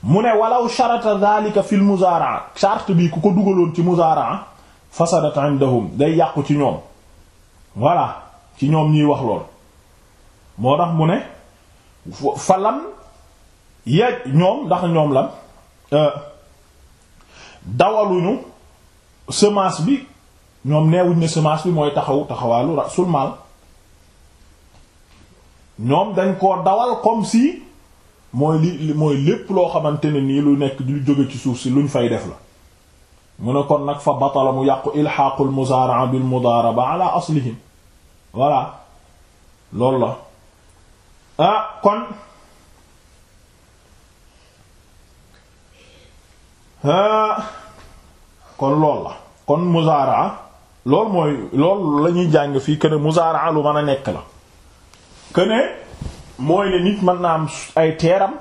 mu ne walaw sharata dhalika fil muzaraa charte bi ku ko dugaloon ci muzaraa fasadat indahum day yàqu ci ñoom voilà ci ñoom ñuy wax lool moo tax mu ne fa lam ya ñoom ndax ñoom lam euh, dawaluñu semence bi ñoom neewuñ ne semence bi mooy taxaw taxawaalu rasul maal ñoom dañ koo dawal comme si mooy li mooy lépp loo xamante ne nii lu nekk lu jóge ci suuf si luñ fay def la mu ne kon nag fa batala mu yàqu ilxaaqul muzaraa bil mudaaraba ala aslihim voilà loolu la ah kon kon lool la kon muzaara lool mooy lool la ñuy jàng fii këne muzaara lu mën a nekk la këne mooy ne nit mën naa am ay teeram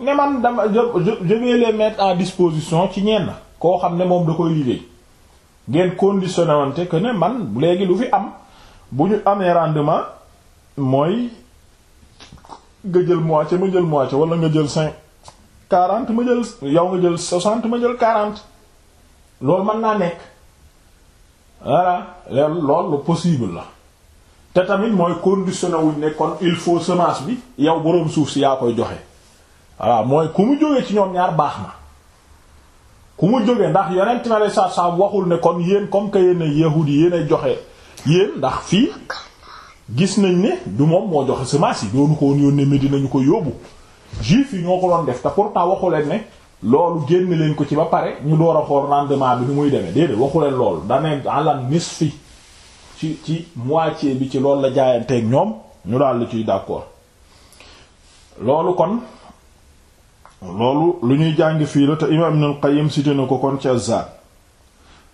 ne man dama je je vais les mettre en disposition ci ñenn koo xam ne moom da koy liggéey ngeen conditionné wante que ne man léegi lu fi am bu ñu amee rendement mooy nga jël moitié ma jël moitié wala nga jël cinq quarante ma jël yow nga jël soixante ma jël quarante loolu mën naa nekk voilà loolu possible la te tamit mooy conditionné wuñ ne kon il faut semence bi yow boroom suuf si yaa koy joxe voilà mooy ku mu jógee ci ñoom ñaar baax na ku mu jógee ndax yeneen na lay saa waxul ne kon yéen comme que yéen yahudi yéen ay joxe yéen ndax fii gis nañ ne du moom moo joxe semence yi doonu ko woon yónnee Medina ko yóbbu. juif yi ñoo ko doon def te pourtant waxu leen ne loolu génn leen ko ci ba pare ñu door a xool rendement bi nu muy demee déedéet waxu leen loolu daneen àlan nisfi ci ci moitié bi ci loolu la jaayanteeg ñoom ñu daal lu ciy d'accord loolu kon loolu lu ñuy jàng fii la te imam Ibn al-Qayyim ko kon ci azan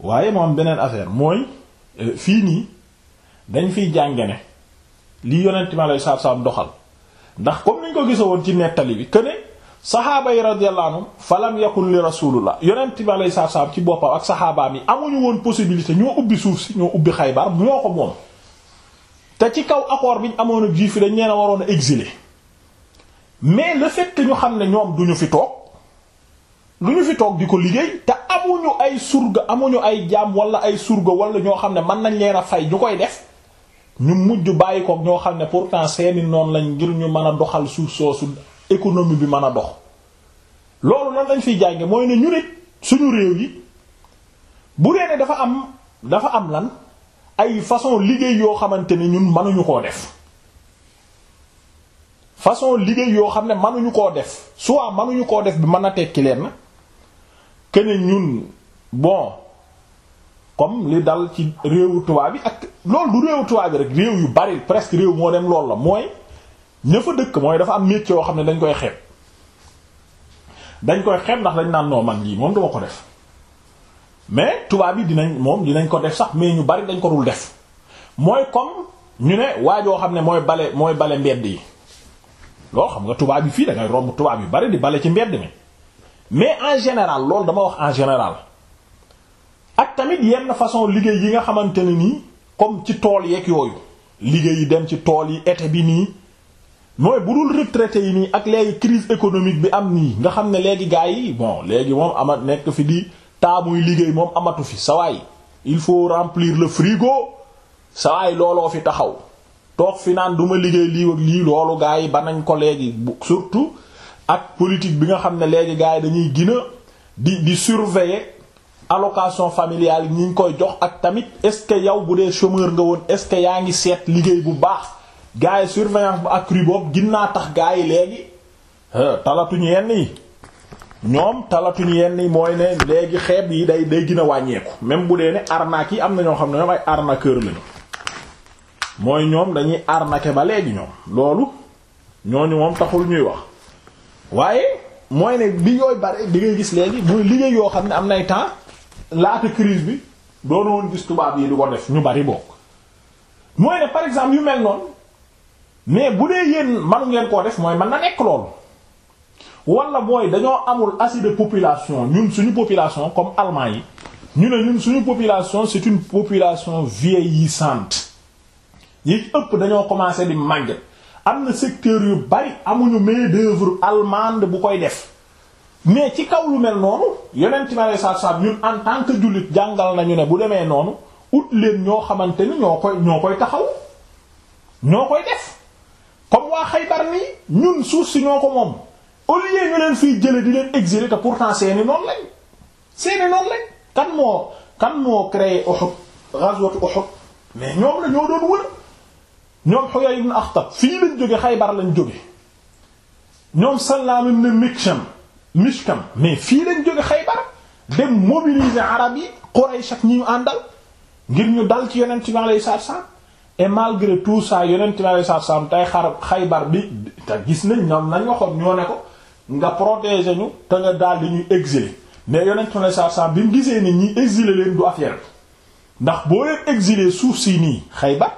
waaye moom beneen affaire mooy euh, fii nii dañ fiy jànge ne lii yonent mi alei satu salaam doxal ndax comme niñ ko gisa woon ci nettali bi que ne saxaaba yi radiyallahu anhum falam yakun li la yonent bi alayhi salaatu salaam ci boppam ak saxaabaam yi amuñu woon possibilité ñoo ubbi suuf si ñoo ubbi xaybar ñoo ko moom te ci kaw accord biñ amoon a juif fi dañ leen a waroon a exiler mais la fait ñu xam ne ñoom duñu fi toog ñu fi toog di ko liggéey te amuñu ay surga amuñu ay jaam wala ay surga wala ñoo xam ne mën nañ leen a fay ñu koy def ñu mujj bàyyi ko ñoo xam ne pourtant seeni noonu lañ ngir ñu mën a doxal suuf soosu économie bi mën a dox loolu nag lañ fiy jànge mooy ne ñu nit suñu réew yi bu dee ne dafa am dafa am lan ay façon liggéey yoo xamante ne ñun mënuñu koo def façon liggéey yoo xam ne mënuñu koo def soit mënuñu koo def bi mën a tekki leen na que ne ñun bon comme li dal ci réewu tubaab bi ak loolu du réewu tubaab bi rek réew yu bari presque réew moo dem loolu la mooy ña dëkk mooy dafa am métier yoo xam ne dañ koy xeeb dañ koy xeeb ndax dañ naan noo man lii moom duma ko def mais tubaab yi dinañ moom dinañ ko def sax mais ñu bari dañ ko dul def mooy comme ñu ne waajoo xam ne mooy bale mooy bale mbedd yi loo xam nga tubaab yi fii da romb tubaab yu bari di bale ci mbedd mi mais en général loolu dama wax en général tamit yenn façon liggéey yi nga xamante ne nii comme ci tool yeeg yooyu liggéey yi dem ci tool yi été bi nii mooy bu dul retraité yi nii ak léegi crise économique bi am nii nga xam ne léegi gars yi bon léegi moom amat nekk fi di taamuy liggéey moom amatu fi sawaay il faut remplir le frigo sawaay looloo fi taxaw toog fi naan duma liggéey lii ak lii loolu gars yi ba nañ ko léegi surtout ak politique bi nga xam ne léegi gars yi dañuy gën a di di surveiller allocation familiale yi ngi koy jox ak tamit est-ce que yow bu dee chômeur nga woon est-ce yaa ngi seet liggéey bu baax gars yi surveillance ak accrue gin naa tax gars yi léegi talatuñu yenn yi ñoom talatuñu yenn yi mooy ne léegi xeeb yi day day gën wàññeeku même bu dee ne arnaque yi am na ñoo xam ne ñoom ay arnaqueur lañu mooy ñoom dañuy arnaquer ba léegi ñoom loolu ñooñu moom taxul ñuy wax waaye mooy ne bi yooyu bare di ngay gis léegi muy liggéey yoo xam ne am nay temps laata crise bi doonu woon gis tubaab yi di ko def ñu bari bokk mooy ne par exemple yu mel noonu mais bu dee yéen manu ngeen koo def mooy man na nekk loolu wala mooy dañoo amul assez de population ñun suñu population comme allemand yi ñu ne ñun suñu population c'est une population vieillissante yi ëpp dañoo commencé di màgg am na secteur yu bari amuñu main d'œuvre allemande bu koy def mais ci kaw lu mel noonu yonent ma lay saab ñun en tant que jullit jàngal nañu ne bu demee noonu ut leen ñoo xamante ni ñoo koy ñoo koy taxaw ñoo koy def comme waa Xaybar nii ñun suuf si ñoo ko moom au lieu ñu leen fiy jële di leen exiler te pourtant seeni noonu lañ seeni noonu lañ kan moo kan moo créé Uhud ghazwat Uhud mais ñoom la ñoo doon wër ñoom Huyay ibn Akhtab fii lañ jóge Xaybar lañ jóge ñoom Sallaam ibn Miksham Mishkam mais fii lañ jóge Xaybar dem mobiliser arab yi Quraysh ak ñi ñu àndal ngir ñu dal ci yonent bi lay salaatu salaam et malgré tout ça yonent bi alayhi salaatu salaam tey xar Xaybar bi te gis nañ ñoom nañ waxoon ñoo ne ko nga protéger ñu te nga daal di ñuy exiler mais yonent bi alayhi salaatu salaam bi mu gisee ni ñi exiler leen du affaire ndax boo leen exile suuf si nii Xaybar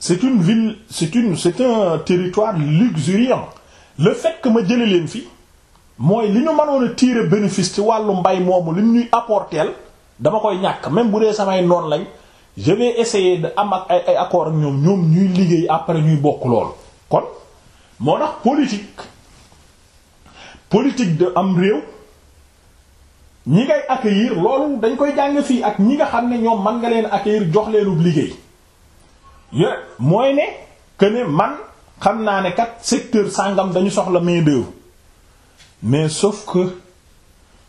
c'est une ville c'est une c'est un territoire luxuriant le fekk ma jëlee leen fii mooy li ñu manoon a tirer ci wàllu mbay moomu lim ñuy apporteel dama koy ñàkk même bu dee samay noon lañ je vais essayer de am ak ay ay accords ak ñoom ñoom ñuy liggéey après ñuy bokk loolu kon moo tax politique politique de am réew ñi ngay accueillir loolu dañ koy jàng fii ak ñi nga xam ne ñoom man nga leen accueillir jox leenub liggéey mooy ne que man xam naa ne kat secteur sàngam dañu soxla main d'œuvre mais sauf que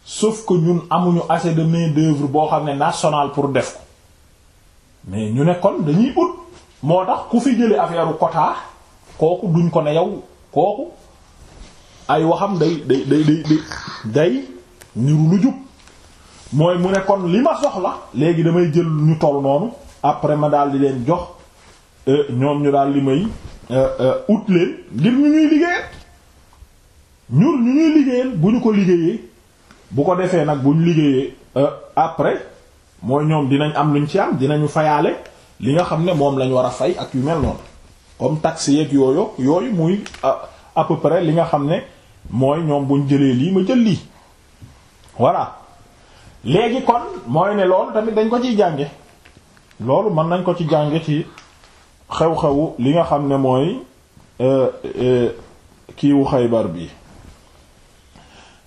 sauf que ñun amuñu assez de main d'œuvre boo xam ne national pour def ko mais ñu ne kon dañuy ut moo tax ku fi jëlee affaire quota kooku duñ ko ne yow kooku ay waxam day day day day day niru lu jub mooy mu ne kon li ma soxla léegi damay jël ñu toll noonu après ma daal di leen jox euh, ñoom ñu daal li may euh, euh, ut leen ngir ñu ñuy liggéey ñun ñu ñuy liggéeyal bu ñu ko liggéeyee bu ko defee nag bu ñu liggéeyee euh, après mooy ñoom dinañ am luñ ci am dinañu fayaale li nga xam ne moom lañ war a fay ak yu mel noonu comme taxe yeeg yooyu yooyu muy euh, à peu li nga xam ne mooy ñoom buñ jëlee lii ma jël lii voilà léegi kon mooy ne loolu tamit dañ ko ciy jànge loolu mën nañ ko ci jànge ci xew-xewu li nga xam ne mooy euh, kiiwu Xaybar bi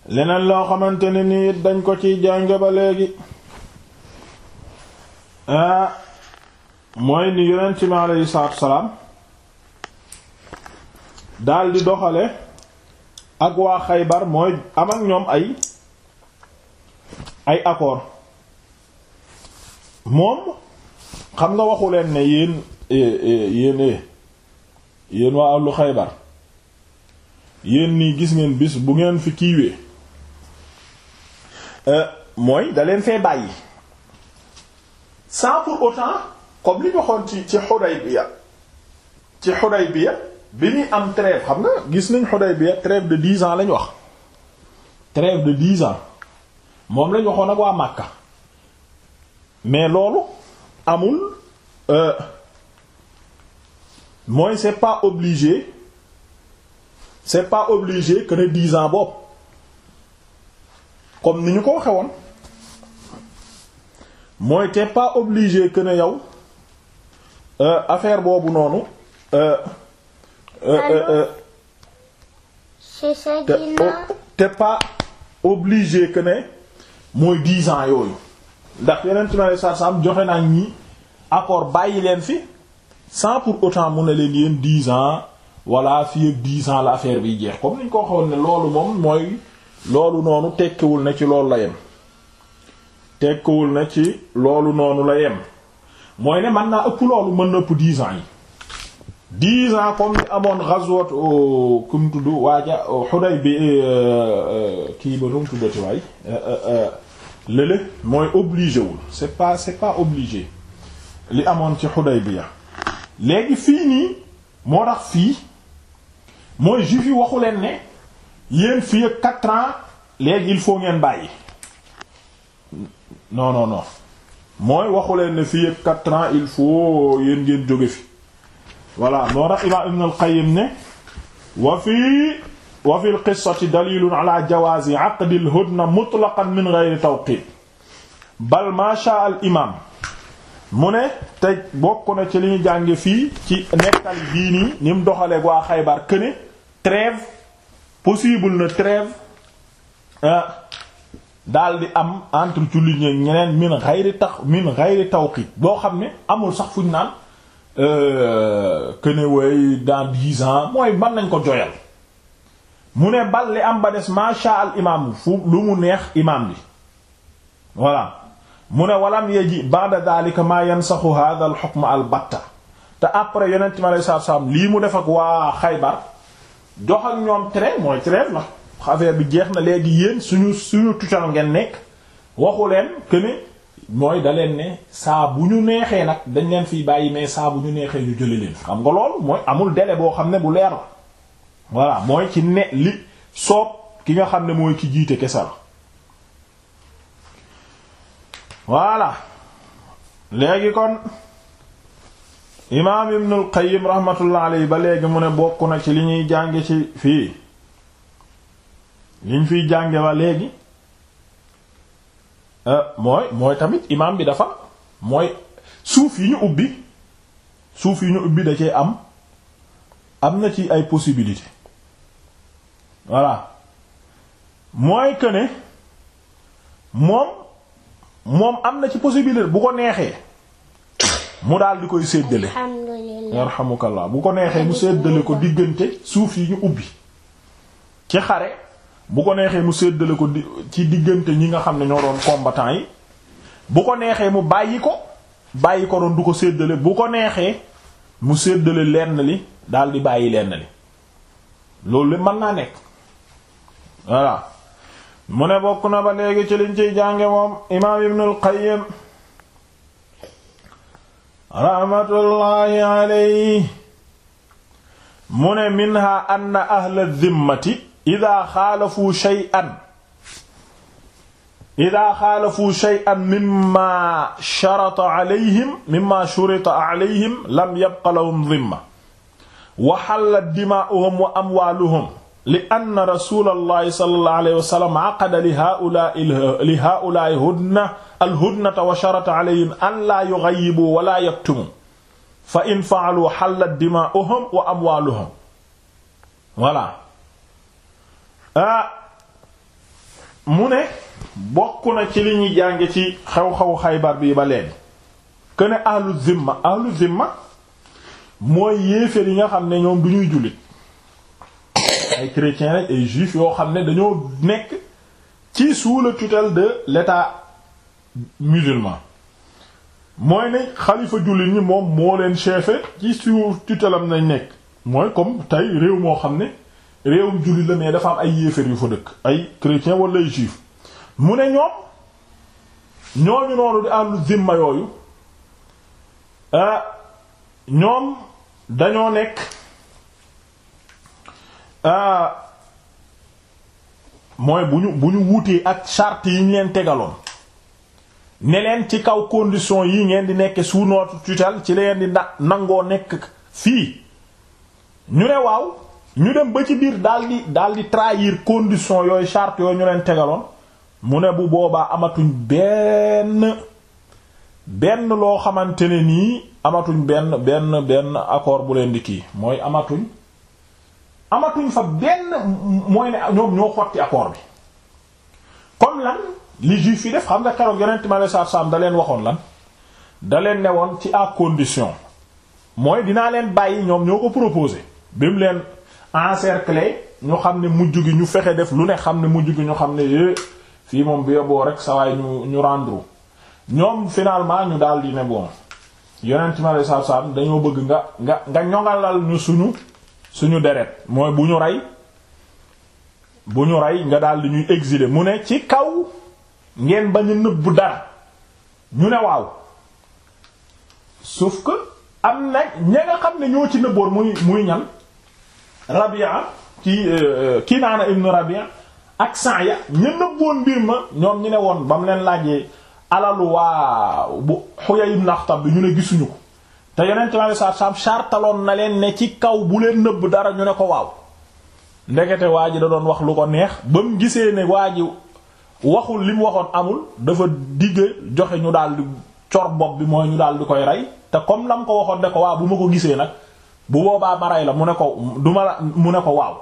leneen loo xamante ne nii dañ ko ciy jànge ba léegi ah mooy ni yonent mi aleyhi salaatu salaam daldi doxale ak waa Xaybar mooy am ak ñoom ay ay accord moom xam nga waxu leen ne yéen yéen yéen waa àllu Xaybar yéen nii gis ngeen bis bu ngeen fi kiiwee Euh, mooy da leen fee bàyyi sans pour autant comme li waxoon ci ci Hudaybiya ci Hudaybiya bi bi ñuy am trêve xam nga gis nañ Hudaybiya trêve de dix ans lañ wax trêve de dix ans moom lañ waxoon ak waa Makka mais loolu amul euh, mooy c'est pas obligé c'est pas obligé que ne dix ans bopp comme ni ñu ko waxe woon mooy t'es pas obligé que ne yow euh, affaire boobu noonu euh, euh, t'es pas obligé que ne mooy dix ans yooyu ndax yeneen ci ma sa sam joxe naa ñi accord bàyyi leen fi sans pour autant mu ne leen yéen dix ans voilà fii ak dix ans la affaire bi jeex comme ni ñu ko waxoon ne loolu moom mooy loolu noonu tekkiwul na ci loolu la yem tekkiwul na ci loolu noonu la yem mooy ne mën naa ëpp loolu mën na ëpp dix ans yi dix ans comme ni amoon ghazwat oh, kum tudd waaja xuday oh, bi eh, eh, kii ba nu tuddati waay eh, lële mooy obligé wul c'est pas c'est pas obligé li amoon ci xuday bi ya léegi fii nii moo tax fii mooy juif yi waxu leen ne yéen fii ak quatre ans léegi il faut ngeen bàyyi non non non mooy waxu leen ne fii ak quatre il faut yéen ngeen jóge fi voilà noo tax imaam Ibn al-Qayyim ne wa fii wa fi al-qissati ala jawaazi aqdi al-hudna min ghayri tawqit bal ma sha mu ne te bokk na ci li ñu jànge fii ci nekkal bii nii ni mu waa Xaybar këne trêve possible na trêve ah, daal di am entre jullit ñi ñeneen min xayri tax min xayri tawqiit boo xam ne amul sax fuñ naan euh, que ne way dans dix ans mooy mën nañ ko joyal mu ne bal li am ba des macha al imaam fu lu mu neex imaam bi voilà mu ne walam yaji ba'da daalika maa yansaxu hadha al hukm al batta te après yonent mi lii mu def ak waa Xaybar. dox ak ñoom trêve mooy trêve la affaire bi jeex na léegi yéen suñu suñu tutelle ngeen nekk waxu leen que ne mooy da ne saa bu ñu neexee nag dañ leen fiy bàyyi mais saa bu ñu neexee ñu jëlee leen xam nga loolu mooy amul délai boo xam ne bu leer la voilà mooy ci ne li soob ki nga xam ne mooy ki jiite kese la léegi kon. imaam ibnul qayyim rahmatullah alayhi ba léegi mu ne bokk na ci li ñuy jànge ci fii liñ fiy jànge ba léegi euh, mooy mooy tamit imaam bi dafa mooy suuf yi ñu ubbi suuf yi ñu ubbi da cee am am na ci ay possibilité voilà mooy que ne moom moom am na ci possibilité bu ko neexee mu daal di koy séddale yarhamukallah bu ko neexee mu séddale ko diggante suuf yi ñu ubbi ci xare bu ko neexee mu séddale ko ci diggante ñi nga xam ne ñoo doon combattant yi bu ko neexee mu bàyyi ko bàyyi ko doon du ko séddale bu ko neexee mu séddale lenn li daldi bàyyi lenn li loolu lépp mën naa nekk voilà mu ne bokk na ba léegi ci liñ ciy jànge moom imaam Ibnul Qayyim raxmatullaahi alayhi mu ne minha anna ahla dhimmati idaa xaalafu shay'an idaa xaalafu shay'an mimma sharata alayhim mimma shurita alayhim lam yabqa lahum dhimma wa hallat dimaa'uhum wa amwaaluhum li anna rasulallahi sallallahu alayhi wa sallam aqada li haula'i li haula'i hudna al hudnata wa sharata alayhim an la yughayyibu wa la yaktumu fa in fa'alu hallat dima'uhum wa amwaluhum voilà ah mu ne bokk na ci li ñuy jànge ci xew-xewu xaybar bi ba léegi que ne ahlu zimma ahlu zimma mooy yéeféer yi nga xam ne ñoom du ñuy jullit ay chrétiens ay juifs yoo xam ne dañoo nekk ci suula la tutelle de l'État musulman mooy ne xalifa jullit ñi moom moo leen chefé ci sous tutelle nañ nekk mooy comme tey réew moo xam ne réewum jullit la mais dafa am ay yéeféer yu fa dëkk ay chrétiens wala ay juifs mu ne ñoom ñooñu noonu di àllu zimma yooyu ah, ñoom dañoo nekk Ah, mooy bu ñu bu ñu wutee ak charte yi ñu leen tegaloon ne leen ci kaw condition yi ngeen di nekkee sous notre tutelle ci leen di na nangoo nekk fii ñu ne waaw ñu dem ba ci biir daal di daal di trahir condition yooyu charte yooyu ñu leen tegaloon mu ne bu boobaa amatuñ benn benn loo xamante ne nii amatuñ benn benn benn accord bu leen di kii mooy amatuñ amatuñ fa benn mooy ne ñoom ñoo xotti apport bi comme lan li juif yi def xam nga keroog yonent ma sar sam da leen waxoon lan da leen ne woon ci à condition mooy dinaa leen bàyyi ñoom ñoo ko proposé bi mu leen encercler ñu xam ne mujj gi ñu fexe def lu ne xam ne mujj gi ñu xam ne é fii moom bi yoboo rek sa ñu ñu rendre ñoom finalement ñu daal di ne bon yonent ma sar sam dañoo bëgg nga nga nga ñoŋalal ñu suñu suñu deret mooy bu ñu rey bu ñu rey nga daal di ñuy exiler mu ne ci kaw ngeen ba a nëbb dara ñu ne waaw sauf ko am na ña nga xam ne ñoo ci nëbboon muy muy ñan Rabia ki euh, Kinaana ibnu Rabia ak Sa'ya ña nëbboon mbir ma ñoom ñu ne woon ba mu leen laajee alalu waa bu Huyay ibn bi ñu ne gisuñu ko te yonent ma alei satu salaam sartaloon na leen ne ci kaw bu leen nëbb dara ñu ne ko waaw ndekete waa ji da doon wax lu ko neex ba mu gisee ne waa ji waxul li waxoon amul dafa digge joxe ñu daal di cor bopp bi mooy ñu daal di koy rey te comme lam ko waxoon ne ko waaw bu ma ko gisee nag bu boobaa ma rey la mu ne ko duma la mu ne ko waaw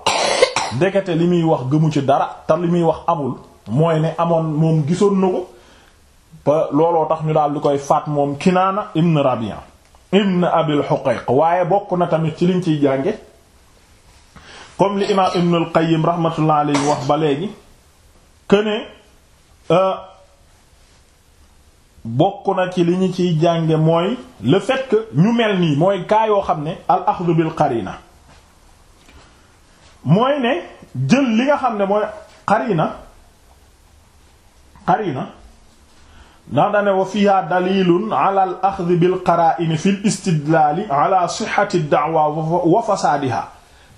ndekete li muy wax gëmu ci dara te li muy wax amul mooy ne amoon moom gisoon na ko looloo tax ñu daal di koy faat moom Kinaana ibn Rabi'a ibn abil huqayq waaye bokk na tamit ci liñ ciy jànge comme li imaam ibn al qayyim rahmatullah alayhi wax ba léegi këne euh, bokk na ci li ñu ciy jànge mooy le fait ñu mel nii mooy kaa yoo xam ne al axdu bil qarina mooy ne jël li nga xam ne mooy qarina qarina ndax dane fiha dalilun ala al fi l istidlaali ala sixati da'wa wa fasaadiha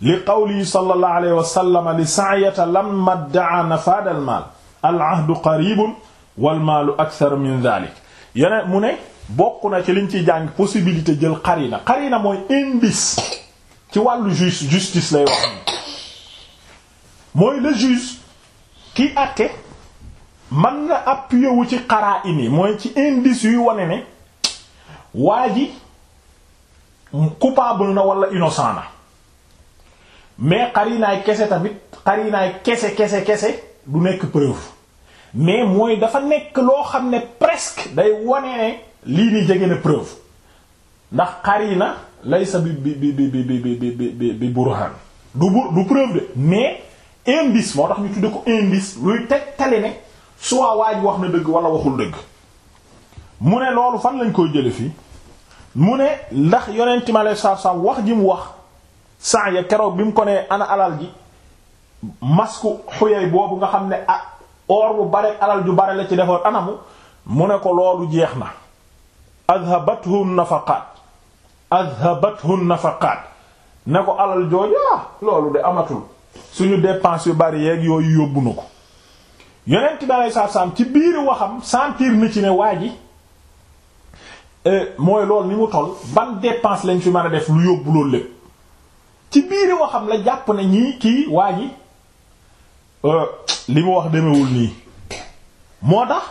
li qawlihi sallallahu alayhi wa sallam li sa'yata lamma da'a nafaada al maal al ahdu qaribun mu ne na ci liñ ciy jàng possibilité jël qarina qarina mooy indice ci justice lay wax mooy le juge ki àtte man nga appuyer wu ci xaraa ini mooy ci indice yuy wane ne waa ji coupable na wala innocent na mais xarinaay kese tamit xarinaay kese kese kese du nekk preuve mais mooy dafa nekk loo xam ne presque day wane ne lii ni jege na preuve ndax xarina laysa bi bi bi bi bi bi bi burhan du du preuve de mais indice moo tax ñu tudde ko indice luy tegtale ne. soit waa ji wax na dëgg wala waxul dëgg mu ne loolu fan lañ koy jële fii mu ne ndax yonent mi alayhi salaatu salaam wax ji mu wax saa ya keroog bi mu ko nee ana alal ji masku xuyay boobu nga xam ne ah or bu bare alal ju bare la ci defoon anamu mu ne ko loolu jeex na adhabathu nafaqaat adhabathu nafaqaat ne ko alal jooju ah loolu de amatul suñu dépense yu bari yeeg yooyu yóbbu na ko yonent bi alei satu salaam ci biir waxam sentir na ci ne waa ji euh, mooy loolu ni mu toll ban dépense lañ fi man a def lu yóbbu loolu lépp ci biir waxam la jàpp ne ñii kii waa yi euh, li mu wax demewul nii moo tax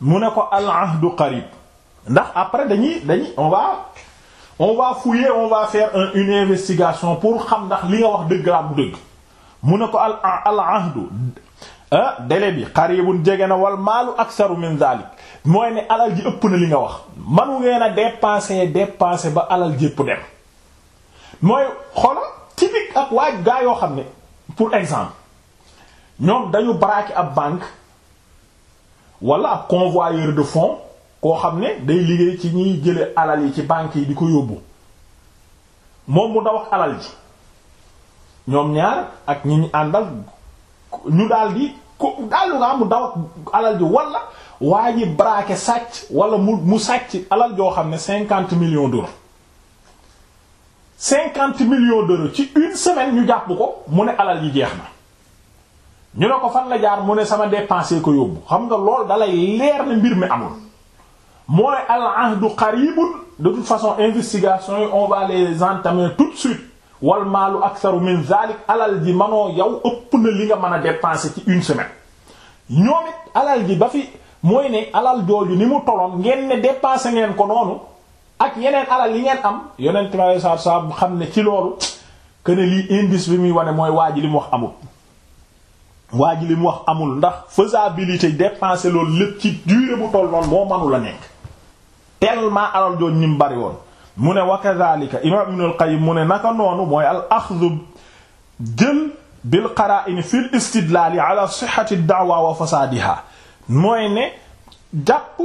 mu ne ko al ahdu qarib ndax après dañuy dañuy on va on va fouiller on va faire une investigation pour xam ndax li nga wax dëgg laa bu dëgg mu ne ko al al ahdu ah bi qaribun jege na wal ak aksaru min zalik mooy ne alal ji ëpp na li nga wax manu ngeen a dépenser dépenser ba alal jépp dem mooy xolo typique ak waaj gaa yoo xam ne pour exemple ñoom dañu braquer ab bank wala ab convoyeur de fonds koo xam ne day liggéey ci ñiy jële alal yi ci banques yi di ko yóbbu moom mu daw ak alal ji ñoom ñaar ak ñi ñu àndal ñu daal di ko daal nga mu daw alal ji wala waa ji sàcc wala mu mu sàcc alal joo xam ne cinquante millions d'euros cinquante millions d'euros ci une semaine ñu jàpp ko mu ne alal ji jeex na ñu ne ko fan la jaar mu ne sama dépensé ko yóbbu xam nga lool dalay leer na mbir mi amul mooy al ahdu qaribun de toute façon investigation yi on va les entamer tout de suite wal maalu aksaru min zalik alal ji manoo yow ëpp na li nga mën a dépenser ci une semaine ñoom it alal ji ba fi mooy ne alal jooju ni mu toloon ngeen ne dépenser ngeen ko noonu ak yeneen alal yi ngeen am yeneen tamit saab saab xam ne ci loolu que ne lii indice bi muy wane mooy waa ji li mu wax amul. waa ji li mu wax amul ndax faisabilité dépenser loolu lépp ci durée bu toll noonu moo mënu la nekk tellement alal jooju ni mu bari woon. mu ne wa kadhalika imaam ibn al mu ne naka noonu mooy al axdu jël bil qara'in fil istidlaali ala sihhati da'wa wa fasaadiha mooy ne jàpp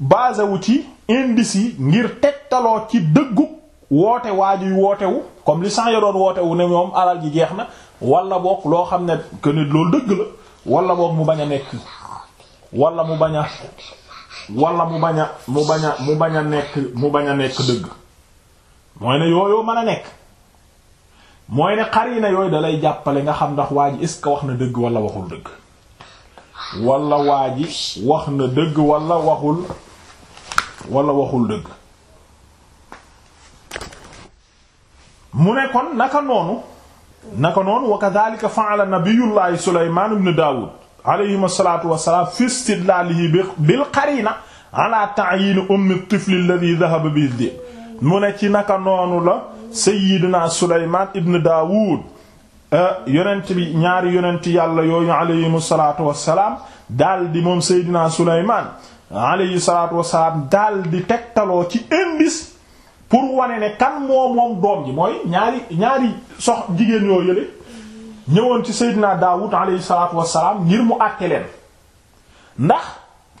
basé ci indice yi ngir tegtaloo ci dëggu woote waajuy wootewu comme li sax ya doon wootewu ne moom alal ji jeex na wala boog loo xam ne que loolu dëgg la wala boog mu baña a nekk wala mu bañ a wala mu bañ a mu bañ a mu bañ a nekk mu bañ a nekk dëgg mooy ne yooyu mën a nekk mooy ne xarina yooyu dalay jàppale nga xam ndax waa ji est-ce que wax na dëgg wala waxul dëgg walla waa ji wax na dëgg wala waxul wala waxul dëgg mu ne kon naka noonu naka noonu wa kadhalika fa'ala nabiyullahi Sulaymaan ibn Daawud alayhim asalatu wasalaam fi istidlaalihi bil qarina ala ta'yin ummi tifl alladhi dhahaba bi dib mu ne ci naka noonu la sayyidina Sulaymaan ibn Daawud eh, yonent bi ñaari yonent yàlla yooyu alayhim salatu wasalaam daal di moom sayyidina Sulaymaan alayhi salatu wasalaam daal di tegtaloo ci indice pour wane ne kan moo moom doom ji mooy ñaari ñaari sox jigéen yoo yële ñëwoon ci Seydina Daawud alayhi salaatu wassalaam ngir mu àtte leen ndax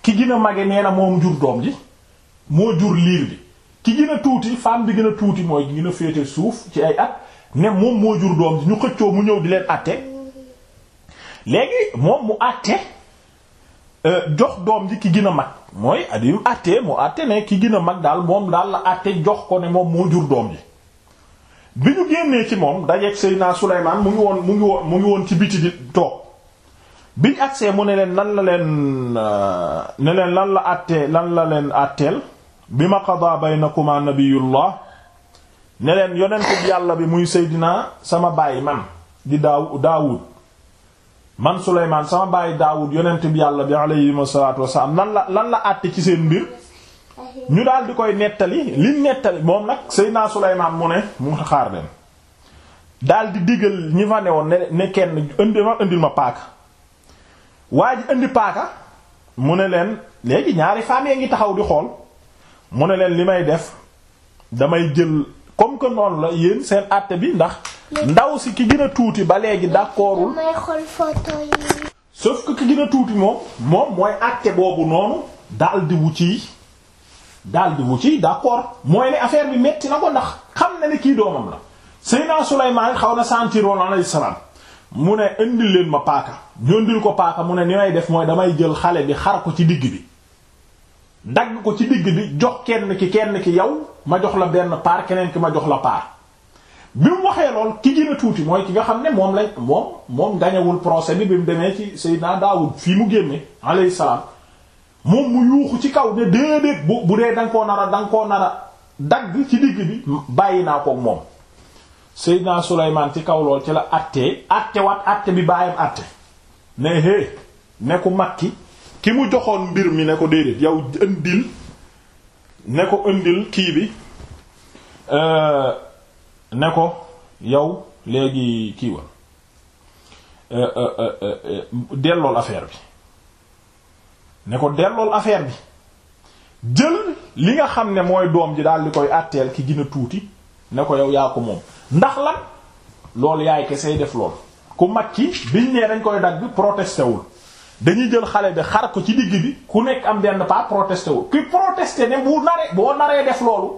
ki gina mag nee na moom jur doom ji moo jur liir bi ki gën tuuti femme bi gën a tuuti mooy gën a féete suuf ci ay at ne moom moo jur doom ji ñu xëccoo mu ñëw di leen àtte léegi moom mu àtte euh, jox doom ji ki gën a mag mooy adim àtte mu àtte ne ki gina a mag daal moom daal la àtte jox ko ne moom moo jur doom ji bi ñu génnee ci moom dajeeg Seydina Souleymane mu ngi woon mu ngi woon ngi woon ci biti di toog biñ agsee mu ne leen lan la leen euh, ne leen lan la àttee lan la leen àtteel bi ma qadaa baynakuma nabiyullah ne leen yonent bi yàlla bi muy seydinaa sama baay man di daaw daawud man Souleymane sama baay daawud yonent bi yàlla bi alayhi salaatu wassalaam lan la lan la àtte ci seen mbir ñu daal di koy nettali li nettali moom nag Seydina Sulaymaan mu ne mu xaar leen daal di digal ñi fa woon ne ne kenn indi ma indil ma paaka waa ji indi paaka mu ne leen léegi ñaari famille ngi taxaw di xool mu ne leen li may def damay jël comme que noonu la yéen seen àtte bi ndax ndaw si ki gën tuuti ba léegi d'accordul sauf que ki gën tuuti moom moom mooy àtte boobu noonu daal di wu ci daal di wu ci d'accord mooy ne affaire bi metti na ko ndax xam na ni kii doomam la Seydina Sulaymaan xaw na sentir woon alayhi salaam mu ne indil leen ma paaka ñu indil ko paaka mu ne ni may def mooy damay jël xale bi xar ko ci digg bi dagg ko ci digg bi jox kenn ki kenn ki yow ma jox la benn paar keneen ki ma jox la paar bi mu waxee lool ki gën tuuti mooy ki nga xam ne moom lañ moom moom gañewul procès bi bi mu demee ci Seydina Daawud fii mu génne alayhi salaam moom mu yuuxu ci kaw ne déedéet bu bu dee danga koo nar a danga koo nar dagg ci digg bi bàyyi naa ko moom Seydina Sulaymaan ci kaw lool ci la àttee àtte wat àtte bi bàyyam àtte ne hé ne ku mag ki ki mu joxoon mbir mi ne ko déedéet yow indil ne ko indil kii bi euh, ne ko yow léegi kii wa euh, euh, dellool affaire bi ne ko dellool affaire bi jël li nga xam ne mooy doom ji daal di koy àtteel ki gën tuuti ne ko yow yaa ko moom ndax lan loolu yaay kesey def loolu ku mag ki biñ nee dañ koy dagg protesté wul dañuy jël xale bi xar ko ci digg bi ku nekk am benn pas protesté wul ki protesté ne bu naree boo naree def loolu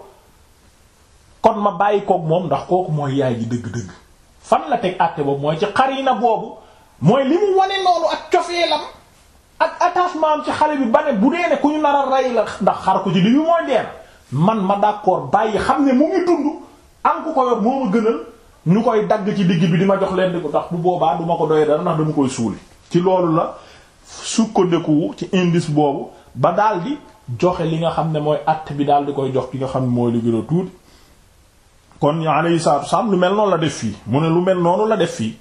kon ma bàyyi koog moom ndax kooku mooy yaay ji dëgg-dëgg fan la teg àtte boobu mooy ci xar yi na boobu mooy li mu wane loolu ak cofeelam ak attachement ci xale bi ba ne bu dee ne ku ñu nar a la ndax xar ko ci li bi mooy dee man ma d'accord bàyyi xam ne mu ngi dund am ku ko yor moo ma gënal ñu koy dagg ci digg bi di ma jox leen di ko tax bu boobaa du ma ko doy ren ndax dama koy suuli ci loolu la sukkandiku ci indice boobu ba daal di joxe li nga xam ne mooy att bi daal di koy jox ki nga xam ne mooy li gën a tuuti kon alayhi salaatu wa salaam lu mel noonu la def fii mu ne lu mel noonu la def fii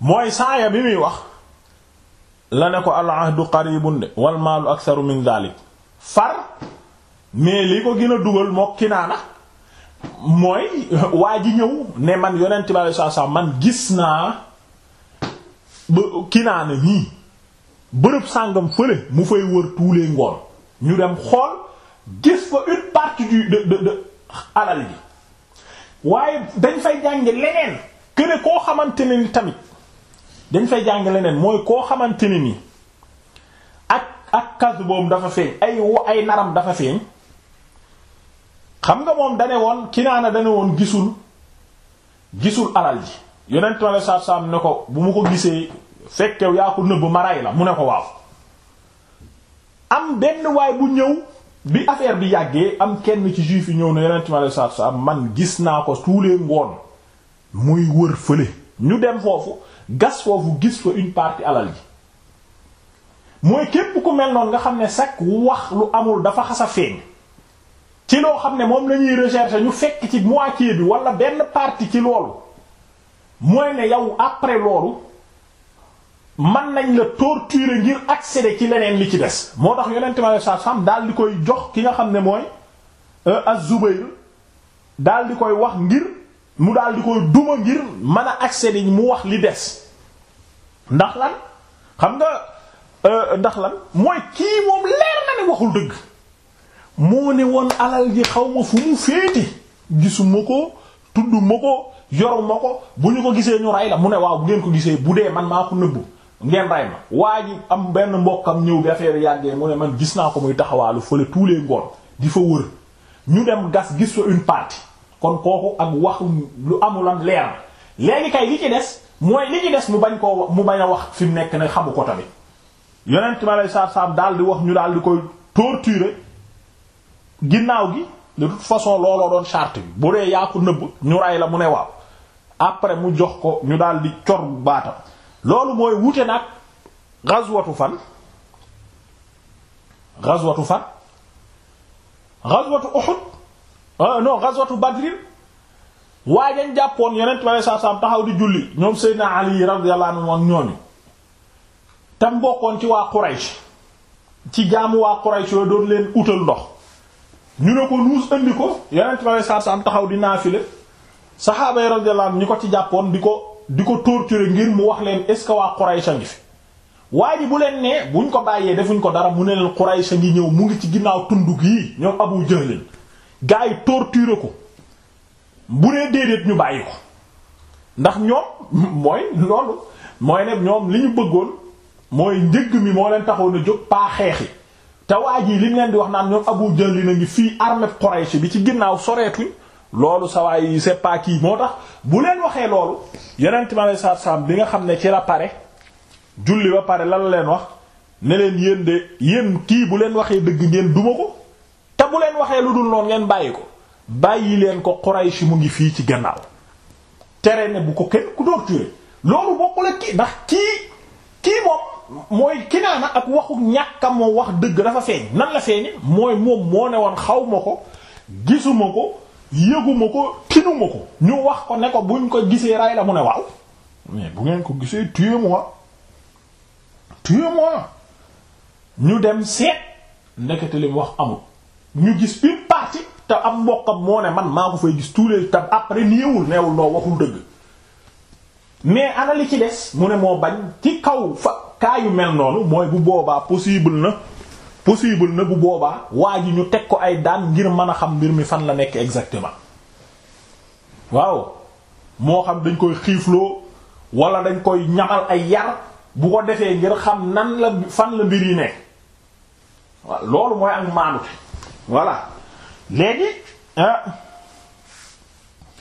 mooy saaya bi muy wax la ne ko al ahdu qaribun de wal maalu aktharu min dhalik far mais li ko gën a dugal moo kinaana mooy waa ji ñëw ne man yonent bi alayhi salaam man gis naa ba kinaana nii bërëb sàngam fële mu fay wër tuulee ngoon ñu dem xool gis ko une partie du de de alal bi waaye dañ fay jànge leneen que koo xamante ne ni tamit dañ fay jàng leneen mooy koo xamante ne ni ak ak kas boobu dafa feeñ ay ay naram dafa feeñ xam nga moom dane woon Kinaana dane woon gisul gisul alal ji yonent saab-saab ne ko bu mu ko gisee fekkew yaa ko nëbb ma ray la mu ne ko waaw am benn waay bu ñëw bi affaire bi yàggee am kenn ci juif yi ñëw ne yonent ma la saab-saab man gis naa ko tous les ngoon muy wër fële ñu dem foofu gas foofu gis fa une partie alal ji mooy képp ku mel noonu nga xam ne sakk wax lu amul dafa xas a feeñ ci loo xam ne moom lañuy ñuy recherche ñu fekk ci moitié bi wala benn partie ci loolu mooy ne yow après loolu man nañ la torturer ngir accéder ci leneen li ci des moo tax yonente mi aleye satu salaam daal di koy jox ki nga xam ne mooy euh, az-Zubayr daal di koy wax ngir mu daal di koy duma ngir man a accéder mu wax li des ndax lan xam nga euh, ndax lan mooy kii moom leer na ne waxul dëgg moo ne woon alal ji xaw ma fu mu féete gisuma ko tudd ma ko yoruma ko bu ñu ko gisee ñu rey la mu ne waaw bu ngeen ko gisee bu dee man maa ko nëbbu ngeen rey ma waa ji am benn mbokkam ñëw bi affaire yàggee mu ne man gis naa ko muy taxawaalu fële tous les ngoon di fa wër ñu dem gas gis fa une partie kon kooku ak waxu lu amulam leer léegi kay li ci des mooy li ci des mu bañ koo mu bañ a wax fi mu nekk ne xamu ko tamit yonent ma aleyhi salaatu salaam daal di wax ñu daal di koy torturer ginnaaw gi de façon looloo doon charte bi bu dee yaa ko nëbb ñu ray la mu ne waaw après mu jox ko ñu daal di cor baatam loolu mooy wute nag ghazwatu fan ghazwatu fan Ah, non ghazwatu badrin waaye dañ jàppoon yonent bi alayhi salaam taxaw di julli ñoom Seydina Ali radiyallahu anhu ak ñooñu tam bokkoon ci waa Quraysh ci jaamu waa Quraysh yooyu doon leen utal ndox ñu ne ko nuus andi ko yonent bi alayhi salaam taxaw di naafile saxaaba yi radiyallahu anhu ñi ko ci jàppoon di ko di ko torturer ngir mu wax leen est ce que waa Quraysh a ngi fi waa ji bu leen nee buñ ko bàyyee defuñ ko dara mu ne leen Quraysh a ngi ñëw mu ngi ci ginnaaw tundug yi ñoom Abu Jahl gars yi torturer ko bu nee déedéet ñu bàyyi ko ndax ñoom mooy loolu mooy ne ñoom li ñu bëggoon mooy njëgg mi moo leen taxoon a jóg paa xeexi te waa ji li ñu leen di wax naan ñoom Abu Jahl li na ngi fii armée Quraysh bi ci ginnaaw soreetuñ loolu sawaay yi c'est pas kii moo tax bu leen waxee loolu yeneen mi alei saatu salaam bi nga xam ne ci la pare julli ba pare lan la leen wax ne leen yéen de yéen kii bu leen waxee dëgg ngeen duma ko bu leen waxee lu dul noonu ngeen bàyyi ko bàyyi leen ko Quraysh mu ngi fii ci gannaaw tere ne bu ko kenn ku torturer loolu bokkul ak kii ndax kii kii moom mooy Kinaana ak moo wax dëgg dafa feeñ nan la feeñi woon xaw ko gisuma ko yëguma ko tinuma ko ñu wax ko ne ko buñ ko gisee ray la mu ne waaw mais bu ngeen ko gisee tuez-moi tuez ñu dem seet ndekete li wax amul ñu gis une partie te am mboqam moo ne man maa ko fay gis tous les temps après néewul neewul noo waxul dëgg mais ana li ci des mu ne moo bañ ci kaw fa kaa yu mel noonu mooy bu boobaa possible na possible na bu boobaa waa ji ñu teg ko ay daan ngir mën a xam mbir mi fan la nekk exactement waaw moo xam dañ koy xiifloo wala dañ koy ñamal ay yar bu ko defee ngir xam nan la fan la mbir yi nekk loolu mooy ak maanute voilà léegi ah